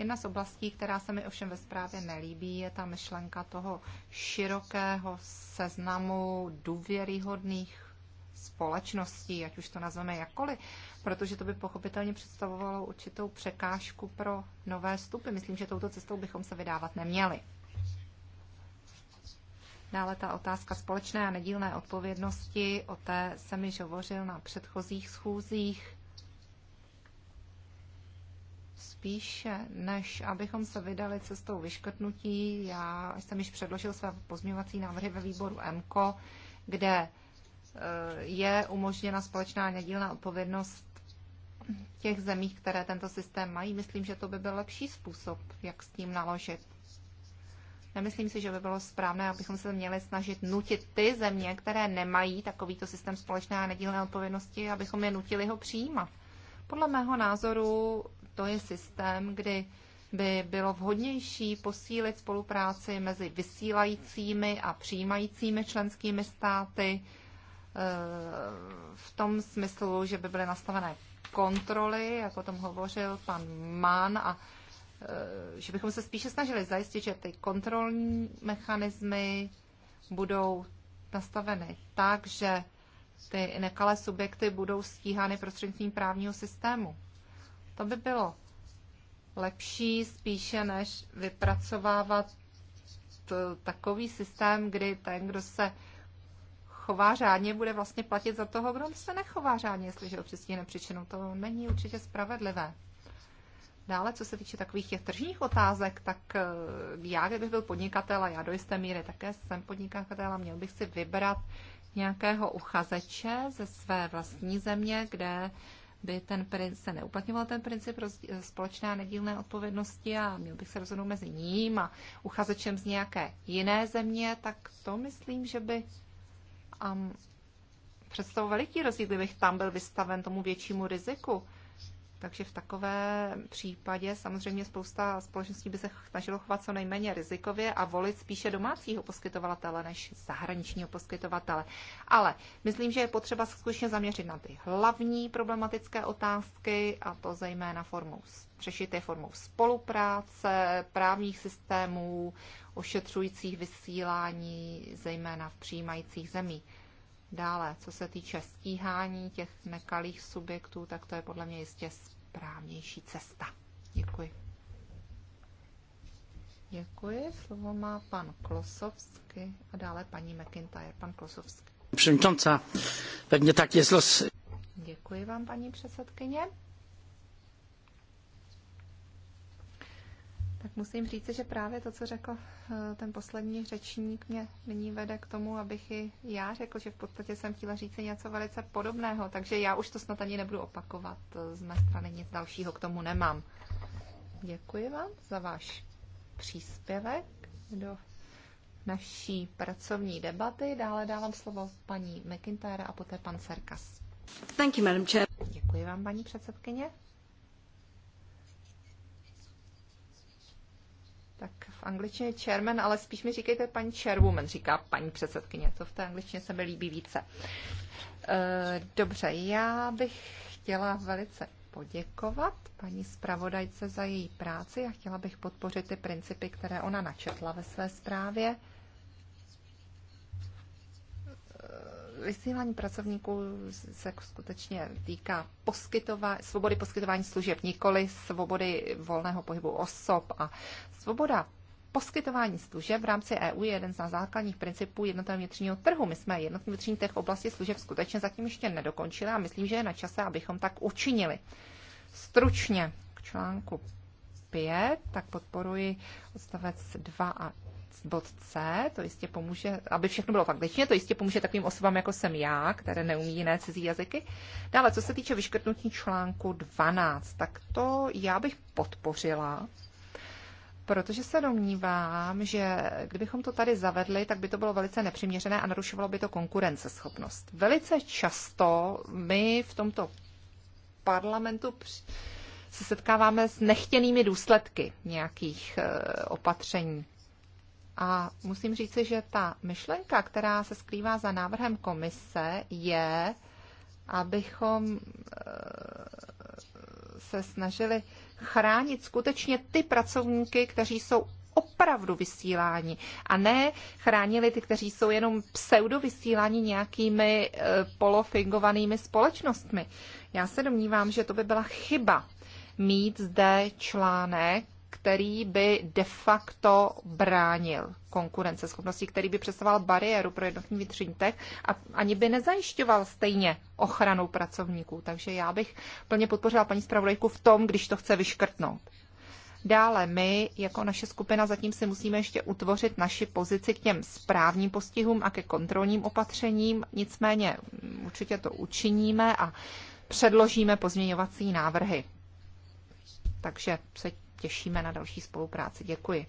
Jedna z oblastí, která se mi ovšem ve zprávě nelíbí, je ta myšlenka toho širokého seznamu důvěryhodných společností, ať už to nazveme jakkoliv, protože to by pochopitelně představovalo určitou překážku pro nové vstupy. Myslím, že touto cestou bychom se vydávat neměli. Dále ta otázka společné a nedílné odpovědnosti, o té jsem již hovořil na předchozích schůzích spíš než abychom se vydali cestou vyškrtnutí, já jsem již předložil své pozměňovací návrhy ve výboru MKO, kde e, je umožněna společná nedílná odpovědnost těch zemí, které tento systém mají. Myslím, že to by byl lepší způsob, jak s tím naložit. Nemyslím si, že by bylo správné, abychom se měli snažit nutit ty země, které nemají takovýto systém společné a nedílné odpovědnosti, abychom je nutili ho přijímat. Podle mého názoru to je systém, kdy by bylo vhodnější posílit spolupráci mezi vysílajícími a přijímajícími členskými státy e, v tom smyslu, že by byly nastavené kontroly, jak o tom hovořil pan Mann, a e, že bychom se spíše snažili zajistit, že ty kontrolní mechanismy budou nastaveny tak, že ty nekalé subjekty budou stíhány prostřednictvím právního systému. To by bylo lepší spíše, než vypracovávat takový systém, kdy ten, kdo se chová řádně, bude vlastně platit za toho, kdo se nechová řádně, jestliže ho přistihne příčinu. To není určitě spravedlivé. Dále, co se týče takových těch tržních otázek, tak eh, já, kdybych byl podnikatel a já do jisté míry také jsem podnikatel a měl bych si vybrat nějakého uchazeče ze své vlastní země, kde by ten princ, se neuplatňoval ten princip společné nedílné odpovědnosti a měl bych se rozhodnout mezi ním a uchazečem z nějaké jiné země, tak to myslím, že by um, představoval veliký rozdíl, kdybych tam byl vystaven tomu většímu riziku. Takže v takovém případě samozřejmě spousta společností by se snažilo chovat co nejméně rizikově a volit spíše domácího poskytovatele než zahraničního poskytovatele. Ale myslím, že je potřeba skutečně zaměřit na ty hlavní problematické otázky a to zejména formou řešit je formou spolupráce, právních systémů, ošetřujících vysílání, zejména v přijímajících zemích. Dále, co se týče stíhání těch nekalých subjektů, tak to je podle mě jistě správnější cesta. Děkuji. Děkuji. Slovo má pan Klosovský a dále paní McIntyre. Pan Klosovský. Předmčonca, pevně tak je zlos. Děkuji vám, paní předsedkyně. Tak musím říct, že právě to, co řekl eh, ten poslední řečník, mě nyní vede k tomu, abych i já řekl, že v podstatě jsem chtěla říct něco velice podobného, takže já už to snad ani nebudu opakovat. Eh, z mé strany nic dalšího k tomu nemám. Děkuji vám za váš příspěvek do naší pracovní debaty. Dále dávám slovo paní McIntyre a poté pan Serkas. Thank you, Madam Chair. Děkuji vám, paní předsedkyně. Tak v angličtině chairman, ale spíš mi říkejte paní chairwoman, říká paní předsedkyně. To v té angličtině se mi líbí více. E, dobře, já bych chtěla velice poděkovat paní zpravodajce za její práci a chtěla bych podpořit ty principy, které ona načetla ve své zprávě. vysílání pracovníků se skutečně týká poskytova, svobody poskytování služeb, nikoli svobody volného pohybu osob a svoboda poskytování služeb v rámci EU je jeden z základních principů jednotného vnitřního trhu. My jsme jednotný vnitřní trh v oblasti služeb skutečně zatím ještě nedokončili a myslím, že je na čase, abychom tak učinili. Stručně k článku 5, tak podporuji odstavec 2 a bod C, to jistě pomůže, aby všechno bylo v angličtině, to jistě pomůže takovým osobám, jako jsem já, které neumí jiné cizí jazyky. Dále, co se týče vyškrtnutí článku 12, tak to já bych podpořila, protože se domnívám, že kdybychom to tady zavedli, tak by to bylo velice nepřiměřené a narušovalo by to konkurenceschopnost. Velice často my v tomto parlamentu se setkáváme s nechtěnými důsledky nějakých eh, opatření. A musím říci, že ta myšlenka, která se skrývá za návrhem komise, je, abychom eh, se snažili chránit skutečně ty pracovníky, kteří jsou opravdu vysílání a ne chránili ty, kteří jsou jenom vysílání nějakými eh, polofingovanými společnostmi. Já se domnívám, že to by byla chyba mít zde článek, který by de facto bránil konkurenceschopnosti, který by představoval bariéru pro jednotný vnitřní trh a ani by nezajišťoval stejně ochranu pracovníků. Takže já bych plně podpořila paní zpravodajku v tom, když to chce vyškrtnout. Dále my jako naše skupina zatím si musíme ještě utvořit naši pozici k těm správním postihům a ke kontrolním opatřením, nicméně určitě to učiníme a předložíme pozměňovací návrhy. Takže se těšíme na další spolupráci. Děkuji.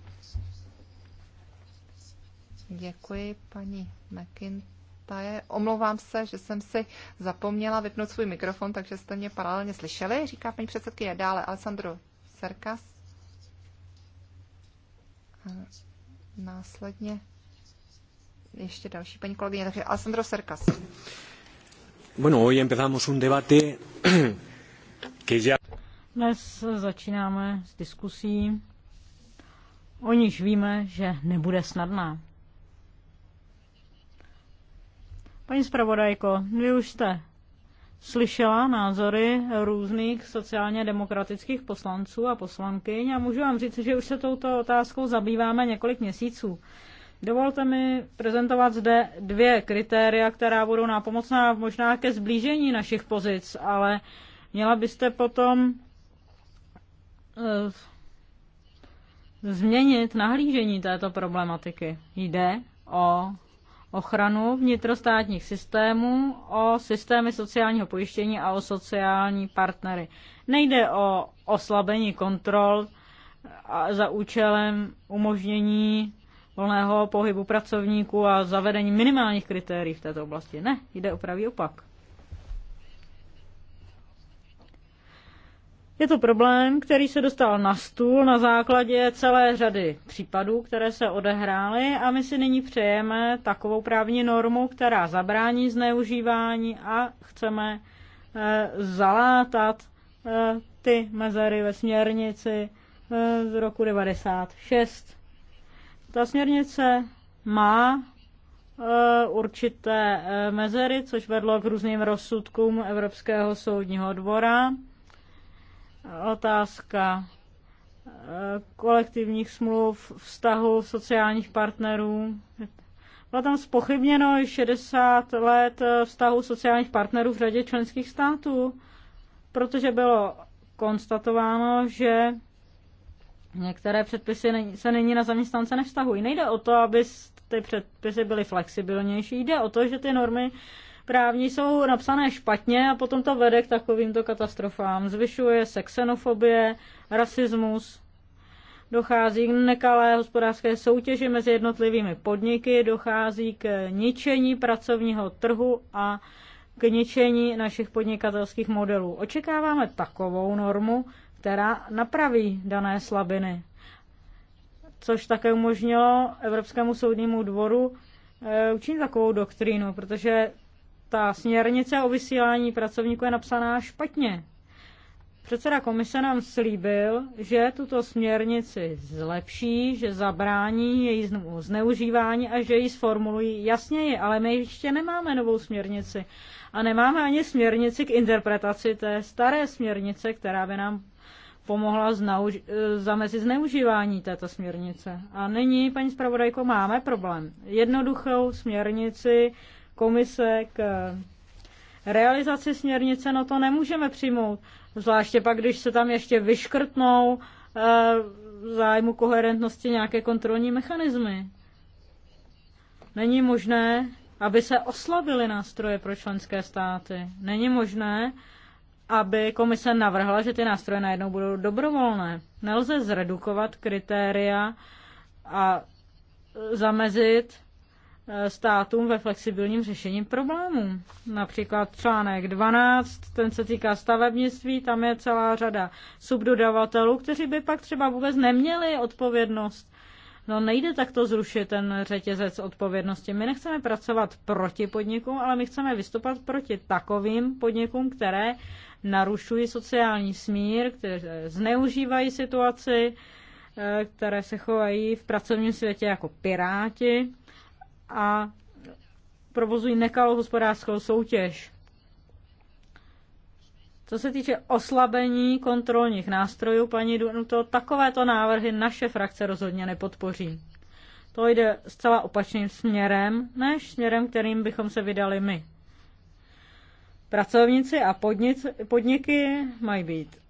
Děkuji, paní McIntyre. Omlouvám se, že jsem si zapomněla vypnout svůj mikrofon, takže jste mě paralelně slyšeli, říká paní předsedkyně dále. Alessandro Serkas. A následně ještě další paní kolegyně, takže Alessandro Serkas. Bueno, hoy empezamos un debate que ya... Dnes začínáme s diskusí, o níž víme, že nebude snadná. Paní zpravodajko, vy už jste slyšela názory různých sociálně demokratických poslanců a poslankyň a můžu vám říct, že už se touto otázkou zabýváme několik měsíců. Dovolte mi prezentovat zde dvě kritéria, která budou nápomocná možná ke zblížení našich pozic, ale měla byste potom Eh, změnit nahlížení této problematiky. Jde o ochranu vnitrostátních systémů, o systémy sociálního pojištění a o sociální partnery. Nejde o oslabení kontrol za účelem umožnění volného pohybu pracovníků a zavedení minimálních kritérií v této oblasti. Ne, jde o pravý opak. Je to problém, který se dostal na stůl na základě celé řady případů, které se odehrály a my si nyní přejeme takovou právní normu, která zabrání zneužívání a chceme eh, zalátat eh, ty mezery ve směrnici eh, z roku 96. Ta směrnice má určité mezery, což vedlo k různým rozsudkům Evropského soudního dvora otázka eh, kolektivních smluv, vztahu sociálních partnerů. Bylo tam spochybněno i 60 let eh, vztahu sociálních partnerů v řadě členských států, protože bylo konstatováno, že některé předpisy se nyní na zaměstnance nevztahují. Nejde o to, aby ty předpisy byly flexibilnější, jde o to, že ty normy právní jsou napsané špatně a potom to vede k takovýmto katastrofám. Zvyšuje se xenofobie, rasismus, dochází k nekalé hospodářské soutěži mezi jednotlivými podniky, dochází k ničení pracovního trhu a k ničení našich podnikatelských modelů. Očekáváme takovou normu, která napraví dané slabiny, což také umožnilo Evropskému soudnímu dvoru eh, učinit takovou doktrínu, protože ta směrnice o vysílání pracovníků je napsaná špatně. Předseda komise nám slíbil, že tuto směrnici zlepší, že zabrání její zneužívání a že ji sformulují jasněji, ale my ještě nemáme novou směrnici. A nemáme ani směrnici k interpretaci té staré směrnice, která by nám pomohla znauž- e, zamezit zneužívání této směrnice. A nyní, paní zpravodajko, máme problém. Jednoduchou směrnici komise k realizaci směrnice, no to nemůžeme přijmout. Zvláště pak, když se tam ještě vyškrtnou eh, zájmu koherentnosti nějaké kontrolní mechanismy. Není možné, aby se oslabily nástroje pro členské státy. Není možné, aby komise navrhla, že ty nástroje najednou budou dobrovolné. Nelze zredukovat kritéria a zamezit Eh, státům ve flexibilním řešení problémů. Například článek 12, ten se týká stavebnictví, tam je celá řada subdodavatelů, kteří by pak třeba vůbec neměli odpovědnost. No nejde takto zrušit ten řetězec odpovědnosti. My nechceme pracovat proti podnikům, ale my chceme vystupat proti takovým podnikům, které narušují sociální smír, které zneužívají situaci, eh, které se chovají v pracovním světě jako piráti a provozují nekalou hospodářskou soutěž. Co se týče oslabení kontrolních nástrojů, paní Dunuto, takovéto návrhy naše frakce rozhodně nepodpoří. To jde zcela opačným směrem, než směrem, kterým bychom se vydali my. Pracovníci a podnic, podniky mají být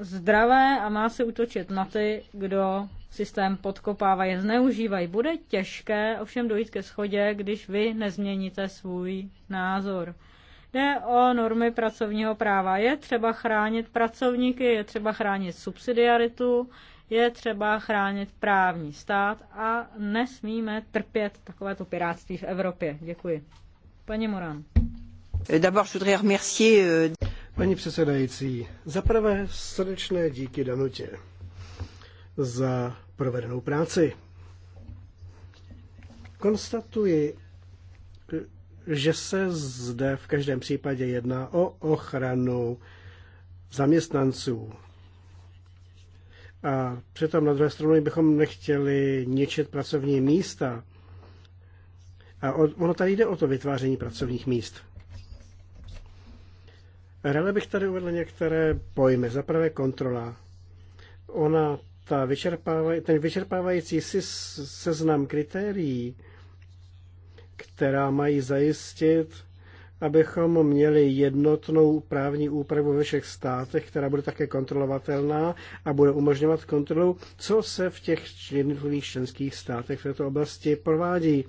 zdravé a má se utočit na ty, kdo systém podkopávají, zneužívají. Bude těžké ovšem dojít ke schodě, když vy nezměníte svůj názor. Jde o normy pracovního práva. Je třeba chránit pracovníky, je třeba chránit subsidiaritu, je třeba chránit právní stát a nesmíme trpět takovéto piráctví v Evropě. Děkuji. Paní Moran. Euh, d'abord, je voudrais remercier euh, Paní předsedající, prvé srdečné díky Danutě za provedenou práci. Konstatuji, že se zde v každém případě jedná o ochranu zaměstnanců. A přitom na druhé stranu bychom nechtěli ničit pracovní místa. A ono tady jde o to vytváření pracovních míst. Ráda bych tady uvedl některé pojmy. Za prvé kontrola. Ona, ta vyčerpávaj, ten vyčerpávající si seznam kritérií, která mají zajistit, abychom měli jednotnou právní úpravu ve všech státech, která bude také kontrolovatelná a bude umožňovat kontrolu, co se v těch jednotlivých členských státech v této oblasti provádí.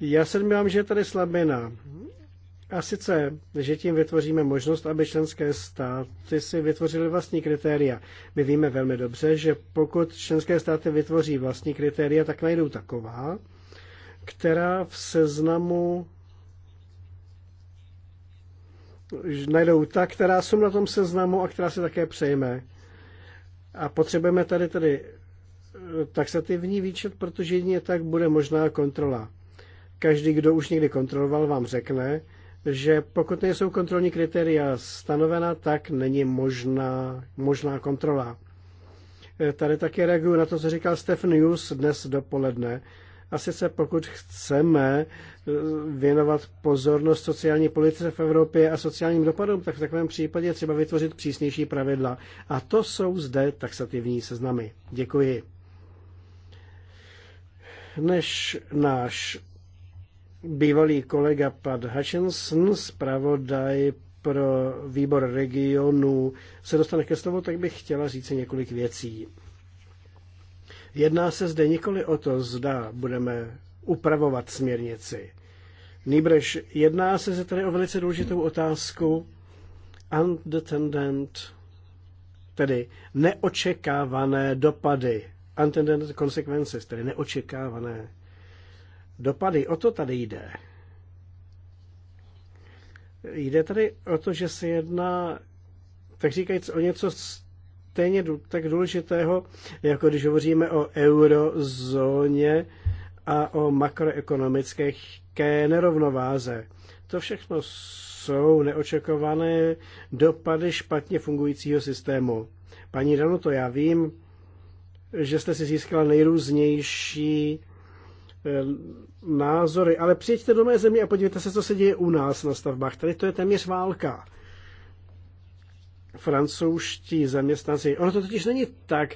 Já se domnívám, že je tady slabina a sice, že tím vytvoříme možnost, aby členské státy si vytvořily vlastní kritéria. My víme velmi dobře, že pokud členské státy vytvoří vlastní kritéria, tak najdou taková, která v seznamu najdou ta, která jsou na tom seznamu a která se také přejme. A potřebujeme tady tedy eh, taxativní výčet, protože jedině tak bude možná kontrola. Každý, kdo už někdy kontroloval, vám řekne, že pokud nejsou kontrolní kritéria stanovena, tak není možná, možná kontrola. E, tady také reaguju na to, co říkal Stephen News dnes dopoledne. A sice pokud chceme e, věnovat pozornost sociální politice v Evropě a sociálním dopadům, tak v takovém případě třeba vytvořit přísnější pravidla. A to jsou zde taxativní seznamy. Děkuji. Než náš bývalý kolega Pat Hutchinson, zpravodaj pro výbor regionu, se dostane ke slovu, tak bych chtěla říct několik věcí. Jedná se zde nikoli o to, zda budeme upravovat směrnici. Nýbrež jedná se zde tady o velice důležitou otázku undetendent, tedy neočekávané dopady, unintended consequences, tedy neočekávané dopady. O to tady jde. Jde tady o to, že se jedná, tak říkajíc, o něco stejně tak důležitého, jako když hovoříme o eurozóně a o makroekonomické nerovnováze. To všechno jsou neočekované dopady špatně fungujícího systému. Paní Danu, to já vím, že jste si získala nejrůznější Eh, názory, ale přijďte do mé země a podívejte se, co se děje u nás na stavbách. Tady to je téměř válka. Francouzští zaměstnanci. Ono to totiž není tak,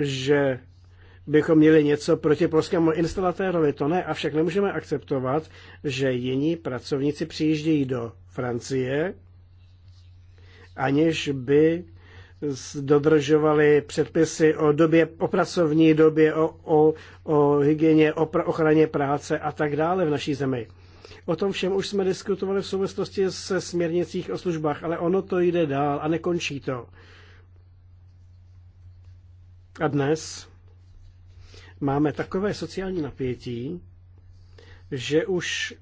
že bychom měli něco proti polskému instalatérovi. To ne, avšak nemůžeme akceptovat, že jiní pracovníci přijíždějí do Francie, aniž by dodržovali předpisy o době, o pracovní době, o, o, o hygieně, o pra, ochraně práce a tak dále v naší zemi. O tom všem už jsme diskutovali v souvislosti se směrnicích o službách, ale ono to jde dál a nekončí to. A dnes máme takové sociální napětí, že už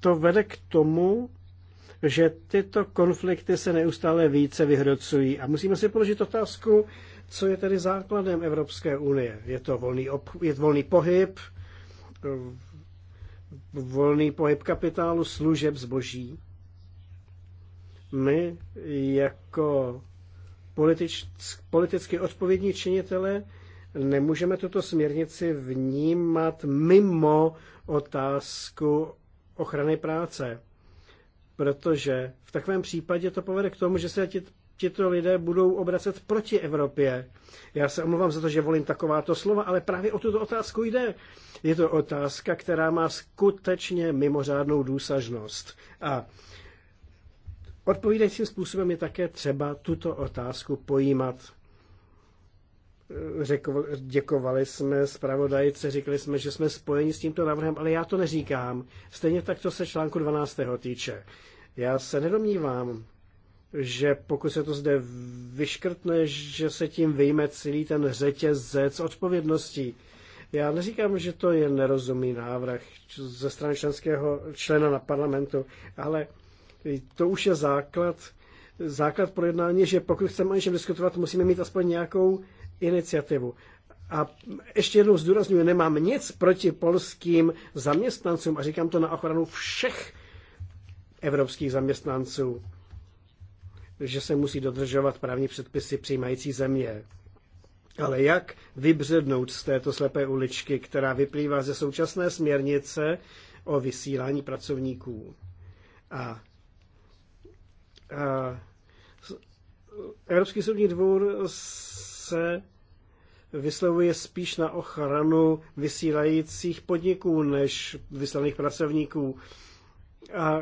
to vede k tomu, že tyto konflikty se neustále více vyhrocují. A musíme si položit otázku, co je tedy základem Evropské unie. Je to volný, ob, je to volný pohyb, volný pohyb kapitálu, služeb, zboží. My jako politič, politicky odpovědní činitele nemůžeme tuto směrnici vnímat mimo otázku ochrany práce protože v takovém případě to povede k tomu, že se tito lidé budou obracet proti Evropě. Já se omlouvám za to, že volím takováto slova, ale právě o tuto otázku jde. Je to otázka, která má skutečně mimořádnou důsažnost. A odpovídajícím způsobem je také třeba tuto otázku pojímat Řekl, děkovali jsme zpravodajce, říkali jsme, že jsme spojeni s tímto návrhem, ale já to neříkám. Stejně tak to se článku 12. týče. Já se nedomnívám, že pokud se to zde vyškrtne, že se tím vyjme celý ten řetězec odpovědností. Já neříkám, že to je nerozumný návrh ze strany členského člena na parlamentu, ale to už je základ, základ projednání, že pokud chceme o něčem diskutovat, musíme mít aspoň nějakou iniciativu. A ještě jednou zdůraznuju, nemám nic proti polským zaměstnancům a říkám to na ochranu všech evropských zaměstnanců, že se musí dodržovat právní předpisy přijímající země. Ale jak vybřednout z této slepé uličky, která vyplývá ze současné směrnice o vysílání pracovníků? A, a Evropský soudní dvůr se vyslovuje spíš na ochranu vysílajících podniků než vyslaných pracovníků. A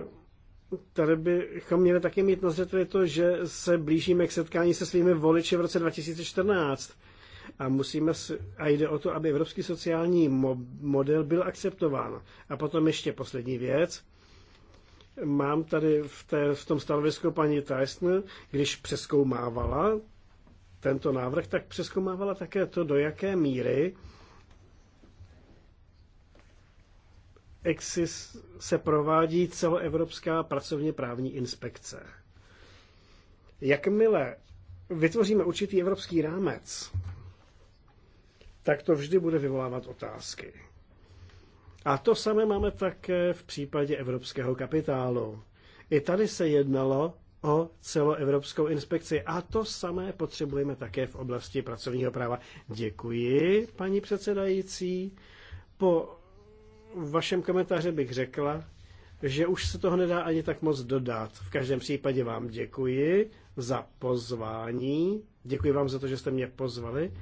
tady bychom měli také mít na zřeteli to, že se blížíme k setkání se svými voliči v roce 2014. A, musíme, a jde o to, aby evropský sociální model byl akceptován. A potom ještě poslední věc. Mám tady v, té, v tom stanovisku paní Tyson, když přeskoumávala tento návrh, tak přeskoumávala také to, do jaké míry EXIS se provádí celoevropská pracovně právní inspekce. Jakmile vytvoříme určitý evropský rámec, tak to vždy bude vyvolávat otázky. A to samé máme také v případě evropského kapitálu. I tady se jednalo o celoevropskou inspekci. A to samé potřebujeme také v oblasti pracovního práva. Děkuji, paní předsedající. Po vašem komentáře bych řekla, že už se toho nedá ani tak moc dodat. V každém případě vám děkuji za pozvání. Děkuji vám za to, že jste mě pozvali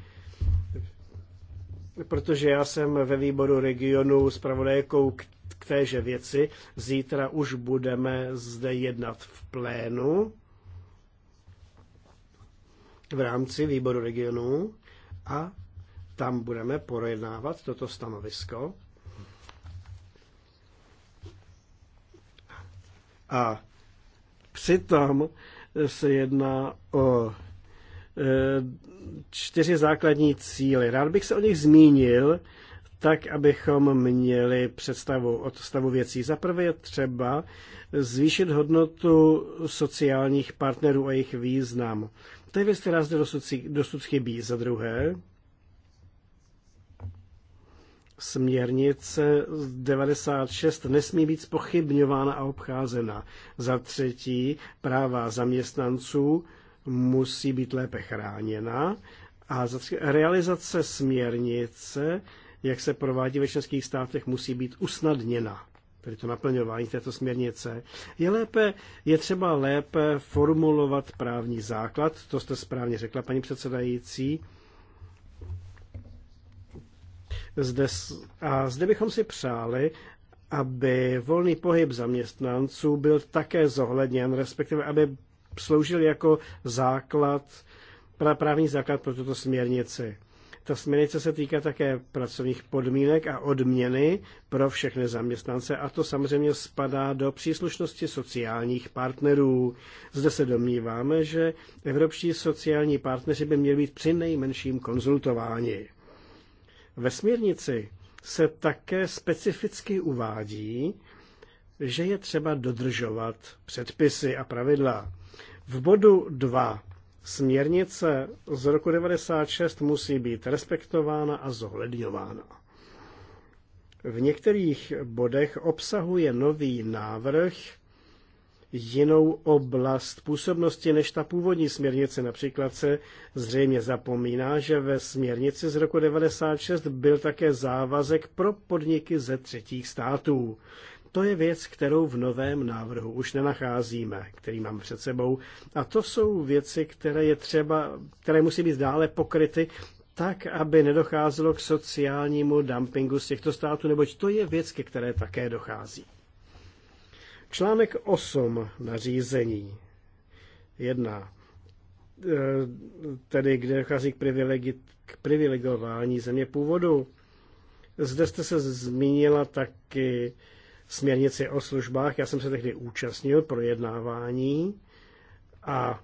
protože já jsem ve výboru regionu s pravodajkou k téže věci. Zítra už budeme zde jednat v plénu v rámci výboru regionů a tam budeme projednávat toto stanovisko. A přitom se jedná o e, čtyři základní cíly. Rád bych se o nich zmínil, tak, abychom měli představu o stavu věcí. Za prvé je třeba zvýšit hodnotu sociálních partnerů a jejich význam. To je věc, která zde dosud, dosud chybí. Za druhé, směrnice 96 nesmí být spochybňována a obcházena. Za třetí, práva zaměstnanců musí být lépe chráněna. A za tři, realizace směrnice jak se provádí ve českých státech, musí být usnadněna tedy to naplňování této směrnice, je lépe, je třeba lépe formulovat právní základ, to jste správně řekla, paní předsedající. Zde, a zde bychom si přáli, aby volný pohyb zaměstnanců byl také zohledněn, respektive aby sloužil jako základ, právní základ pro tuto směrnici. Ta směrnice se týká také pracovních podmínek a odměny pro všechny zaměstnance a to samozřejmě spadá do příslušnosti sociálních partnerů. Zde se domníváme, že evropští sociální partneři by měli být při nejmenším konzultováni. Ve směrnici se také specificky uvádí, že je třeba dodržovat předpisy a pravidla. V bodu 2 Směrnice z roku 96 musí být respektována a zohledňována. V některých bodech obsahuje nový návrh jinou oblast působnosti než ta původní směrnice. Například se zřejmě zapomíná, že ve směrnici z roku 96 byl také závazek pro podniky ze třetích států to je věc, kterou v novém návrhu už nenacházíme, který mám před sebou. A to jsou věci, které, je třeba, které musí být dále pokryty tak, aby nedocházelo k sociálnímu dumpingu z těchto států, neboť to je věc, ke které také dochází. Článek 8 nařízení 1, eh, tedy kde dochází k, privilegi, k privilegování země původu. Zde jste se zmínila taky směrnici o službách. Já jsem se tehdy účastnil projednávání a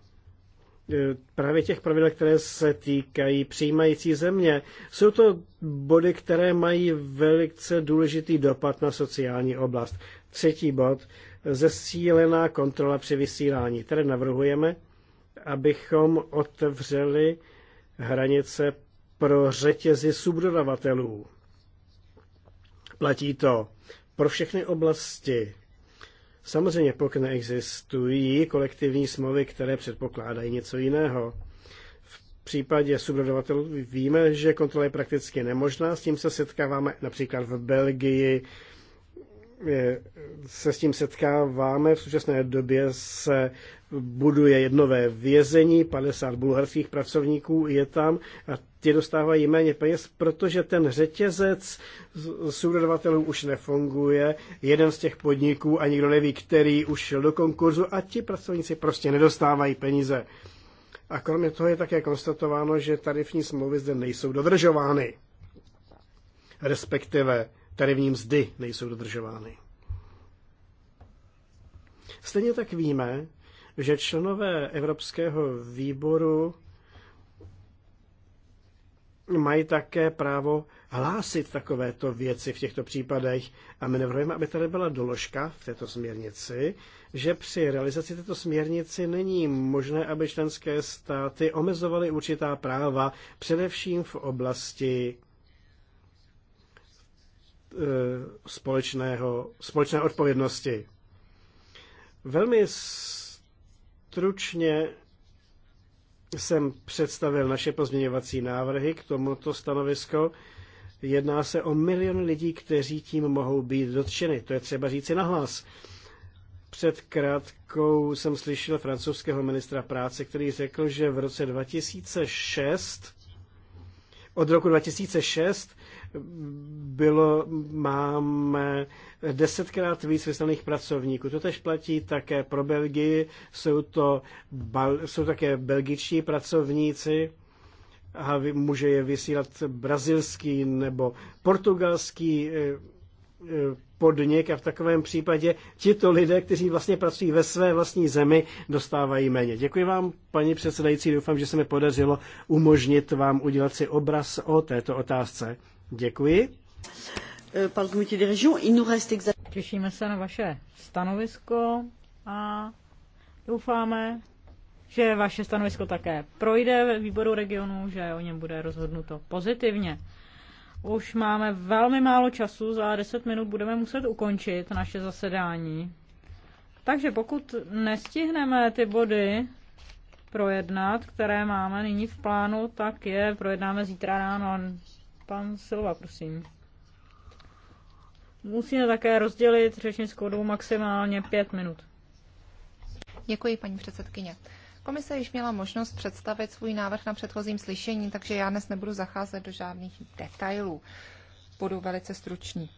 e, právě těch pravidel, které se týkají přijímající země. Jsou to body, které mají velice důležitý dopad na sociální oblast. Třetí bod, zesílená kontrola při vysílání. Tady navrhujeme, abychom otevřeli hranice pro řetězy subdodavatelů. Platí to pro všechny oblasti. Samozřejmě, pokud neexistují kolektivní smlouvy, které předpokládají něco jiného. V případě subrodovatelů víme, že kontrola je prakticky nemožná. S tím se setkáváme například v Belgii, se s tím setkáváme. V současné době se buduje jednové vězení, 50 bulharských pracovníků je tam a ty dostávají méně peněz, protože ten řetězec subdodavatelů už nefunguje, jeden z těch podniků a nikdo neví, který už šel do konkurzu a ti pracovníci prostě nedostávají peníze. A kromě toho je také konstatováno, že tarifní smlouvy zde nejsou dodržovány, respektive tarifní mzdy nejsou dodržovány. Stejně tak víme, že členové Evropského výboru mají také právo hlásit takovéto věci v těchto případech. A my navrhujeme, aby tady byla doložka v této směrnici, že při realizaci této směrnici není možné, aby členské státy omezovaly určitá práva, především v oblasti e, společného, společné odpovědnosti. Velmi stručně jsem představil naše pozměňovací návrhy k tomuto stanovisko. Jedná se o milion lidí, kteří tím mohou být dotčeny. To je třeba říci nahlas. Před krátkou jsem slyšel francouzského ministra práce, který řekl, že v roce 2006 od roku 2006 bylo, máme desetkrát víc vyslaných pracovníků. To tež platí také pro Belgii, jsou to jsou také belgičtí pracovníci, a může je vysílat brazilský nebo portugalský e, e, podnik a v takovém případě tito lidé, kteří vlastně pracují ve své vlastní zemi, dostávají méně. Děkuji vám, paní předsedající, doufám, že se mi podařilo umožnit vám udělat si obraz o této otázce. Děkuji. Euh, Těšíme se na vaše stanovisko a doufáme, že vaše stanovisko také projde ve výboru regionu, že o něm bude rozhodnuto pozitivně. Už máme velmi málo času, za 10 minut budeme muset ukončit naše zasedání. Takže pokud nestihneme ty body projednat, které máme nyní v plánu, tak je projednáme zítra ráno. Pan Silva, prosím. Musíme také rozdělit řečnickou dobu maximálně pět minut. Děkuji, paní předsedkyně. Komise již měla možnost představit svůj návrh na předchozím slyšení, takže já dnes nebudu zacházet do žádných detailů. Budu velice stručný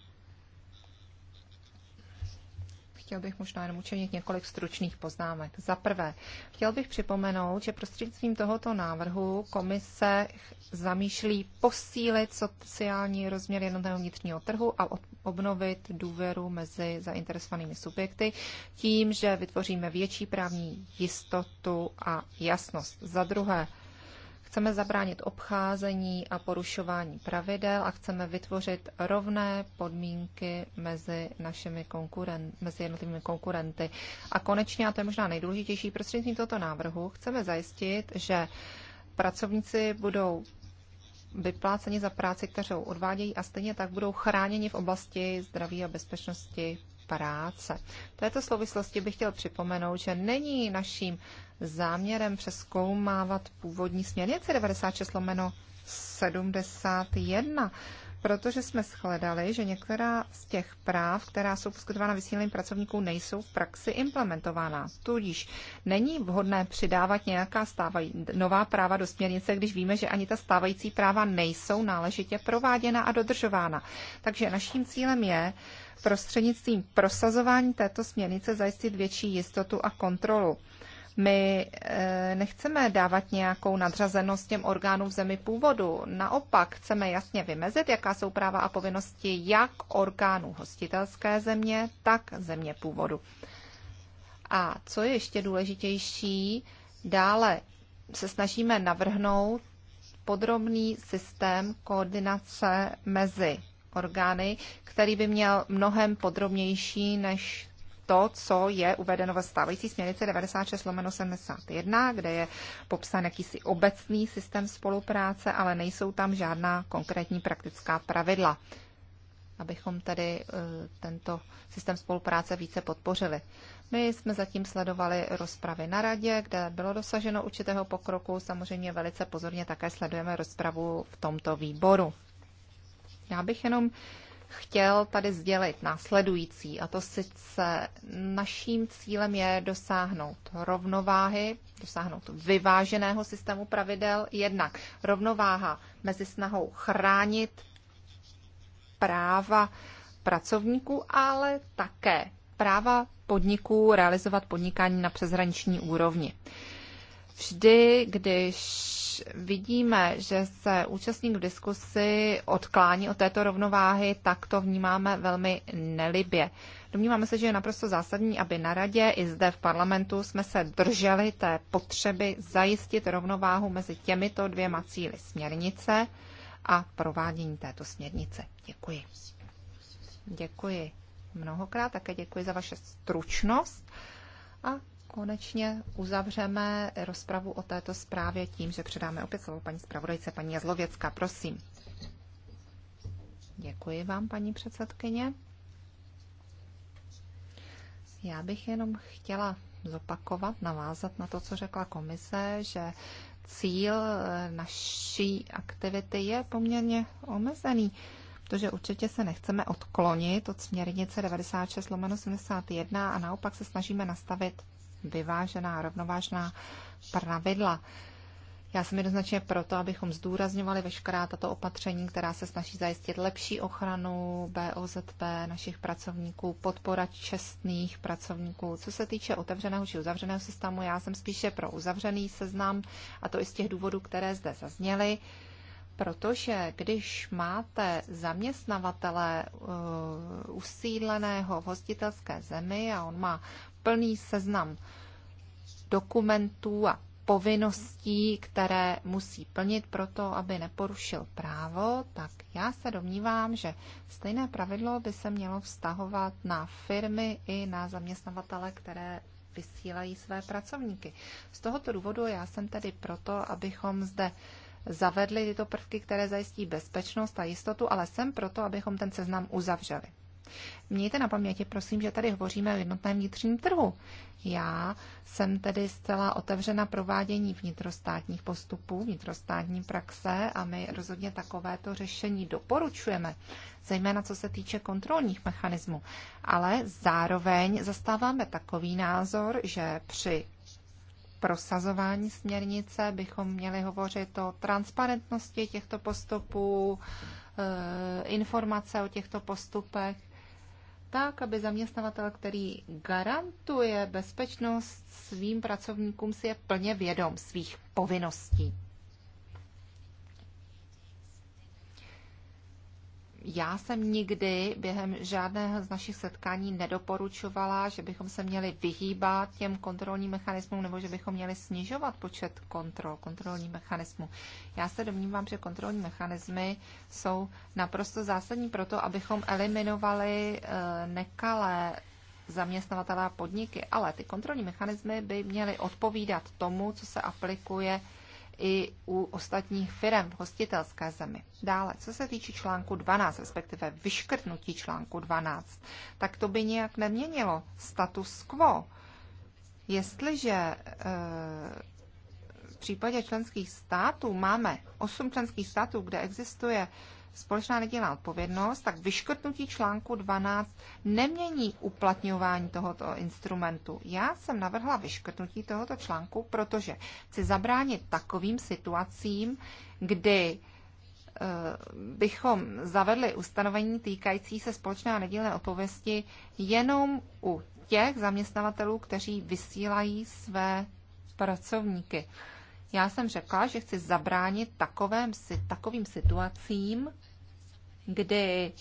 chtěl bych možná jenom učinit několik stručných poznámek. Za prvé, chtěl bych připomenout, že prostřednictvím tohoto návrhu komise zamýšlí posílit sociální rozměr jednotného vnitřního trhu a obnovit důvěru mezi zainteresovanými subjekty tím, že vytvoříme větší právní jistotu a jasnost. Za druhé, Chceme zabránit obcházení a porušování pravidel a chceme vytvořit rovné podmínky mezi našimi konkuren- mezi jednotlivými konkurenty. A konečně, a to je možná nejdůležitější, prostřednictvím tohoto návrhu chceme zajistit, že pracovníci budou vypláceni za práci, kterou odvádějí a stejně tak budou chráněni v oblasti zdraví a bezpečnosti práce. V této souvislosti bych chtěl připomenout, že není naším záměrem přeskoumávat původní směrnici 96 lomeno 71 protože jsme shledali, že některá z těch práv, která jsou poskytována vysíleným pracovníkům, nejsou v praxi implementována. Tudíž není vhodné přidávat nějaká stávají, nová práva do směrnice, když víme, že ani ta stávající práva nejsou náležitě prováděna a dodržována. Takže naším cílem je prostřednictvím prosazování této směrnice zajistit větší jistotu a kontrolu. My eh, nechceme dávat nějakou nadřazenost těm orgánům v zemi původu. Naopak chceme jasně vymezit, jaká jsou práva a povinnosti jak orgánů hostitelské země, tak země původu. A co je ještě důležitější, dále se snažíme navrhnout podrobný systém koordinace mezi orgány, který by měl mnohem podrobnější než to, co je uvedeno ve stávající směrnici 96 lomeno 71, kde je popsán jakýsi obecný systém spolupráce, ale nejsou tam žádná konkrétní praktická pravidla, abychom tedy eh, tento systém spolupráce více podpořili. My jsme zatím sledovali rozpravy na radě, kde bylo dosaženo určitého pokroku. Samozřejmě velice pozorně také sledujeme rozpravu v tomto výboru. Já bych jenom chtěl tady sdělit následující, a to sice naším cílem je dosáhnout rovnováhy, dosáhnout vyváženého systému pravidel, jednak rovnováha mezi snahou chránit práva pracovníků, ale také práva podniků realizovat podnikání na přeshraniční úrovni. Vždy, když vidíme, že se účastník v diskusi odklání od této rovnováhy, tak to vnímáme velmi nelibě. Domníváme se, že je naprosto zásadní, aby na radě i zde v parlamentu jsme se drželi té potřeby zajistit rovnováhu mezi těmito dvěma cíly směrnice a provádění této směrnice. Děkuji. Děkuji mnohokrát, také děkuji za vaše stručnost a konečně uzavřeme rozpravu o této zprávě tím, že předáme opět slovo paní zpravodajce, paní Jazlověcka, prosím. Děkuji vám, paní předsedkyně. Já bych jenom chtěla zopakovat, navázat na to, co řekla komise, že cíl eh, naší aktivity je poměrně omezený, protože určitě se nechceme odklonit od směrnice 96 71 a naopak se snažíme nastavit vyvážená, rovnovážná pravidla. Já jsem jednoznačně proto, abychom zdůrazňovali veškerá tato opatření, která se snaží zajistit lepší ochranu BOZP našich pracovníků, podpora čestných pracovníků. Co se týče otevřeného či uzavřeného systému, já jsem spíše pro uzavřený seznam, a to i z těch důvodů, které zde zazněly. Protože když máte zaměstnavatele uh, usídleného v hostitelské zemi a on má plný seznam dokumentů a povinností, které musí plnit pro to, aby neporušil právo, tak já se domnívám, že stejné pravidlo by se mělo vztahovat na firmy i na zaměstnavatele, které vysílají své pracovníky. Z tohoto důvodu já jsem tedy proto, abychom zde zavedli tyto prvky, které zajistí bezpečnost a jistotu, ale jsem proto, abychom ten seznam uzavřeli. Mějte na paměti, prosím, že tady hovoříme o jednotném vnitřním trhu. Já jsem tedy zcela otevřena provádění vnitrostátních postupů, vnitrostátní praxe a my rozhodně takovéto řešení doporučujeme, zejména co se týče kontrolních mechanismů. Ale zároveň zastáváme takový názor, že při prosazování směrnice bychom měli hovořit o transparentnosti těchto postupů, eh, informace o těchto postupech tak, aby zaměstnavatel, který garantuje bezpečnost svým pracovníkům, si je plně vědom svých povinností. Já jsem nikdy během žádného z našich setkání nedoporučovala, že bychom se měli vyhýbat těm kontrolním mechanismům nebo že bychom měli snižovat počet kontrol, kontrolní mechanismů. Já se domnívám, že kontrolní mechanismy jsou naprosto zásadní pro to, abychom eliminovali eh, nekalé zaměstnavatelé a podniky, ale ty kontrolní mechanismy by měly odpovídat tomu, co se aplikuje i u ostatních firm v hostitelské zemi. Dále, co se týče článku 12, respektive vyškrtnutí článku 12, tak to by nijak neměnilo status quo. Jestliže e, v případě členských států máme 8 členských států, kde existuje společná nedělá odpovědnost, tak vyškrtnutí článku 12 nemění uplatňování tohoto instrumentu. Já jsem navrhla vyškrtnutí tohoto článku, protože chci zabránit takovým situacím, kdy eh, bychom zavedli ustanovení týkající se společné a nedílné odpověsti jenom u těch zaměstnavatelů, kteří vysílají své pracovníky. Já jsem řekla, že chci zabránit takovým situacím, kdy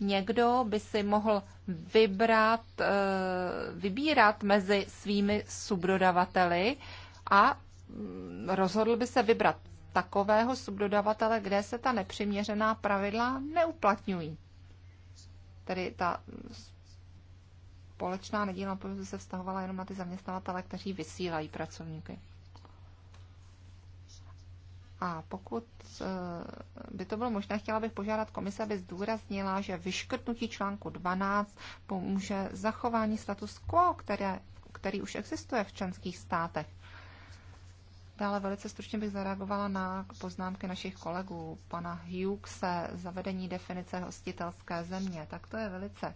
někdo by si mohl vybrat, eh, vybírat mezi svými subdodavateli a mm, rozhodl by se vybrat takového subdodavatele, kde se ta nepřiměřená pravidla neuplatňují. Tedy ta společná nedílná odpovědnost by se vztahovala jenom na ty zaměstnavatele, kteří vysílají pracovníky. A pokud eh, by to bylo možné, chtěla bych požádat komise, aby zdůraznila, že vyškrtnutí článku 12 pomůže zachování status quo, které, který už existuje v členských státech. Dále velice stručně bych zareagovala na poznámky našich kolegů, pana Hughese, zavedení definice hostitelské země. Tak to je velice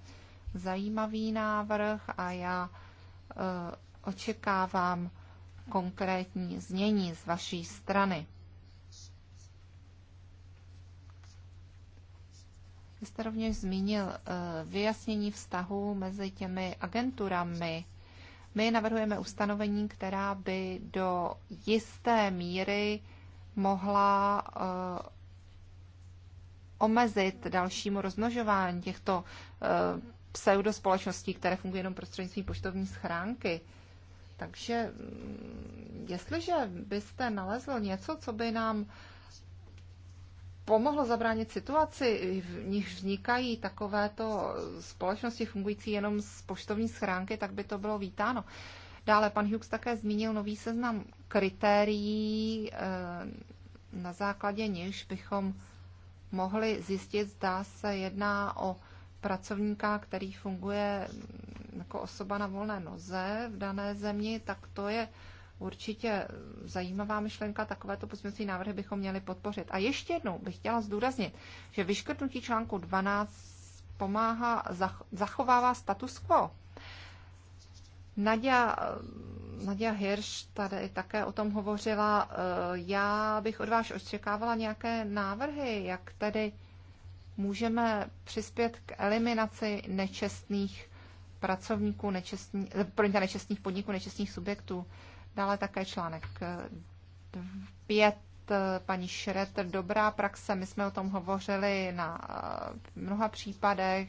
zajímavý návrh a já e, očekávám konkrétní znění z vaší strany. Vy jste rovněž zmínil eh, vyjasnění vztahu mezi těmi agenturami. My navrhujeme ustanovení, která by do jisté míry mohla eh, omezit dalšímu rozmnožování těchto eh, pseudospolečností, které fungují jenom prostřednictvím poštovní schránky. Takže mm, jestliže byste nalezl něco, co by nám pomohlo zabránit situaci, v nich vznikají takovéto společnosti fungující jenom z poštovní schránky, tak by to bylo vítáno. Dále pan Hughes také zmínil nový seznam kritérií, eh, na základě nichž bychom mohli zjistit, zda se jedná o pracovníka, který funguje jako osoba na volné noze v dané zemi, tak to je určitě zajímavá myšlenka, takovéto pozměňovací návrhy bychom měli podpořit. A ještě jednou bych chtěla zdůraznit, že vyškrtnutí článku 12 pomáhá, zachovává status quo. Nadia, Nadia Hirsch tady také o tom hovořila. Eh, já bych od vás očekávala nějaké návrhy, jak tedy můžeme přispět k eliminaci nečestných pracovníků, nečestní, eh, nečestných podniků, nečestných subjektů. Dále také článek 5 eh, eh, paní Šreter, dobrá praxe, my jsme o tom hovořili na eh, mnoha případech.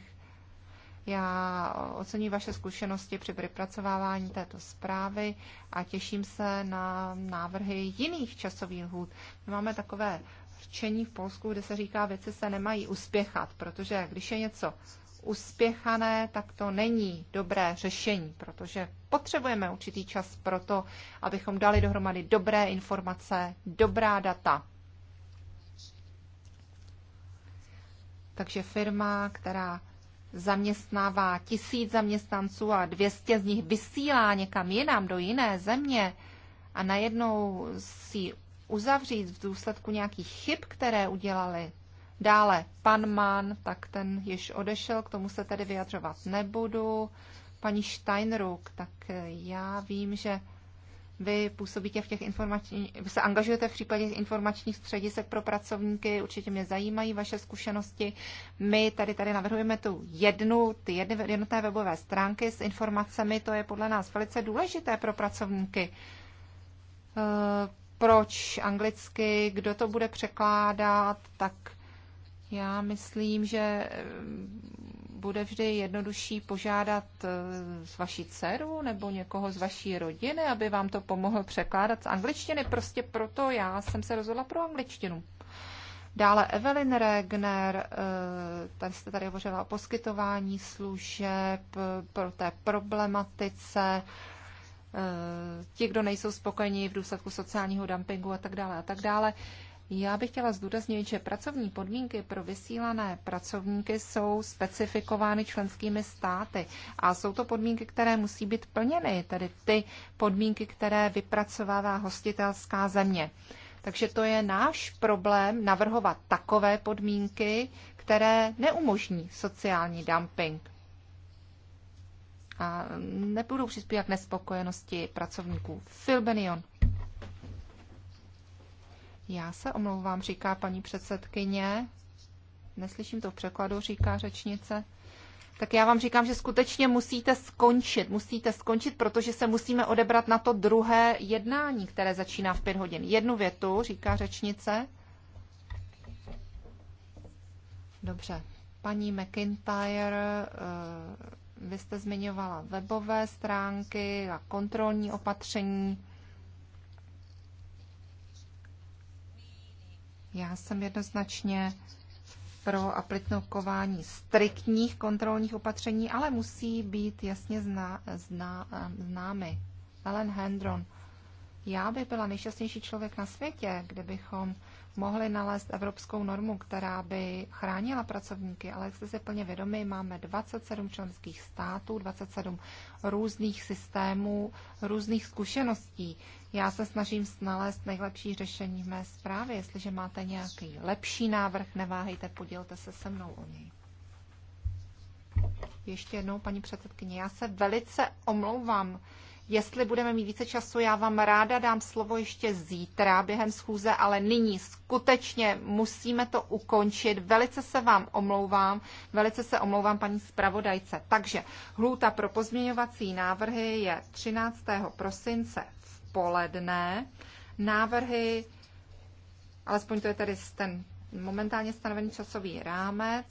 Já ocením vaše zkušenosti při vypracovávání této zprávy a těším se na návrhy jiných časových hůd. My máme takové řečení v Polsku, kde se říká, věci se nemají uspěchat, protože když je něco uspěchané, tak to není dobré řešení, protože potřebujeme určitý čas pro to, abychom dali dohromady dobré informace, dobrá data. Takže firma, která zaměstnává tisíc zaměstnanců a 200 z nich vysílá někam jinam do jiné země a najednou si uzavřít v důsledku nějakých chyb, které udělali, Dále pan Mann, tak ten již odešel, k tomu se tedy vyjadřovat nebudu. Paní Steinruck, tak eh, já vím, že vy působíte v těch informačních, se angažujete v případě informačních středisek pro pracovníky, určitě mě zajímají vaše zkušenosti. My tady tady navrhujeme tu jednu, ty jednotné webové stránky s informacemi, to je podle nás velice důležité pro pracovníky. Eh, proč anglicky, kdo to bude překládat, tak já myslím, že eh, bude vždy jednodušší požádat s eh, vaší dceru nebo někoho z vaší rodiny, aby vám to pomohl překládat z angličtiny. Prostě proto já jsem se rozhodla pro angličtinu. Dále Evelyn Regner, eh, tady jste tady hovořila o poskytování služeb, pro té problematice, ti, kdo nejsou spokojeni v důsledku sociálního dumpingu a tak dále a tak dále. Já bych chtěla zdůraznit, že pracovní podmínky pro vysílané pracovníky jsou specifikovány členskými státy a jsou to podmínky, které musí být plněny, tedy ty podmínky, které vypracovává hostitelská země. Takže to je náš problém navrhovat takové podmínky, které neumožní sociální dumping a nebudou přispívat k nespokojenosti pracovníků. Phil Benion. Já se omlouvám, říká paní předsedkyně. Neslyším to v překladu, říká řečnice. Tak já vám říkám, že skutečně musíte skončit, musíte skončit, protože se musíme odebrat na to druhé jednání, které začíná v pět hodin. Jednu větu, říká řečnice. Dobře. Paní McIntyre, eh, vy jste zmiňovala webové stránky a kontrolní opatření. Já jsem jednoznačně pro aplikování striktních kontrolních opatření, ale musí být jasně zná, zná, eh, známy. Ellen Hendron. Já bych byla nejšťastnější člověk na světě, kdybychom mohli nalézt evropskou normu, která by chránila pracovníky, ale jak jste si plně vědomi, máme 27 členských států, 27 různých systémů, různých zkušeností. Já se snažím nalézt nejlepší řešení v mé zprávě. Jestliže máte nějaký lepší návrh, neváhejte, podělte se se mnou o něj. Ještě jednou, paní předsedkyně, já se velice omlouvám. Jestli budeme mít více času, já vám ráda dám slovo ještě zítra během schůze, ale nyní skutečně musíme to ukončit. Velice se vám omlouvám, velice se omlouvám paní zpravodajce. Takže hluta pro pozměňovací návrhy je 13. prosince v poledne. Návrhy, alespoň to je tedy ten momentálně stanovený časový rámec.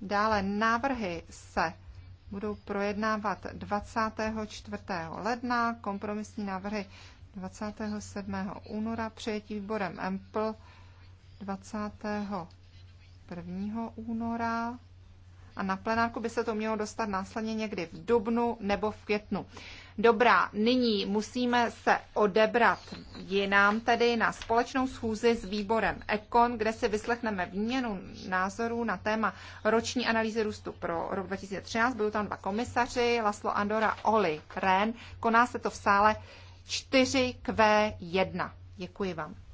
Dále návrhy se budou projednávat 24. ledna, kompromisní návrhy 27. února, přijetí výborem EMPL 21. února a na plenárku by se to mělo dostat následně někdy v dubnu nebo v květnu. Dobrá, nyní musíme se odebrat jinám, tedy na společnou schůzi s výborem ekon, kde si vyslechneme výměnu názorů na téma roční analýzy růstu pro rok 2013. Byli tam dva komisaři, Laslo Andora, Oli Ren. Koná se to v sále 4Q1. Děkuji vám.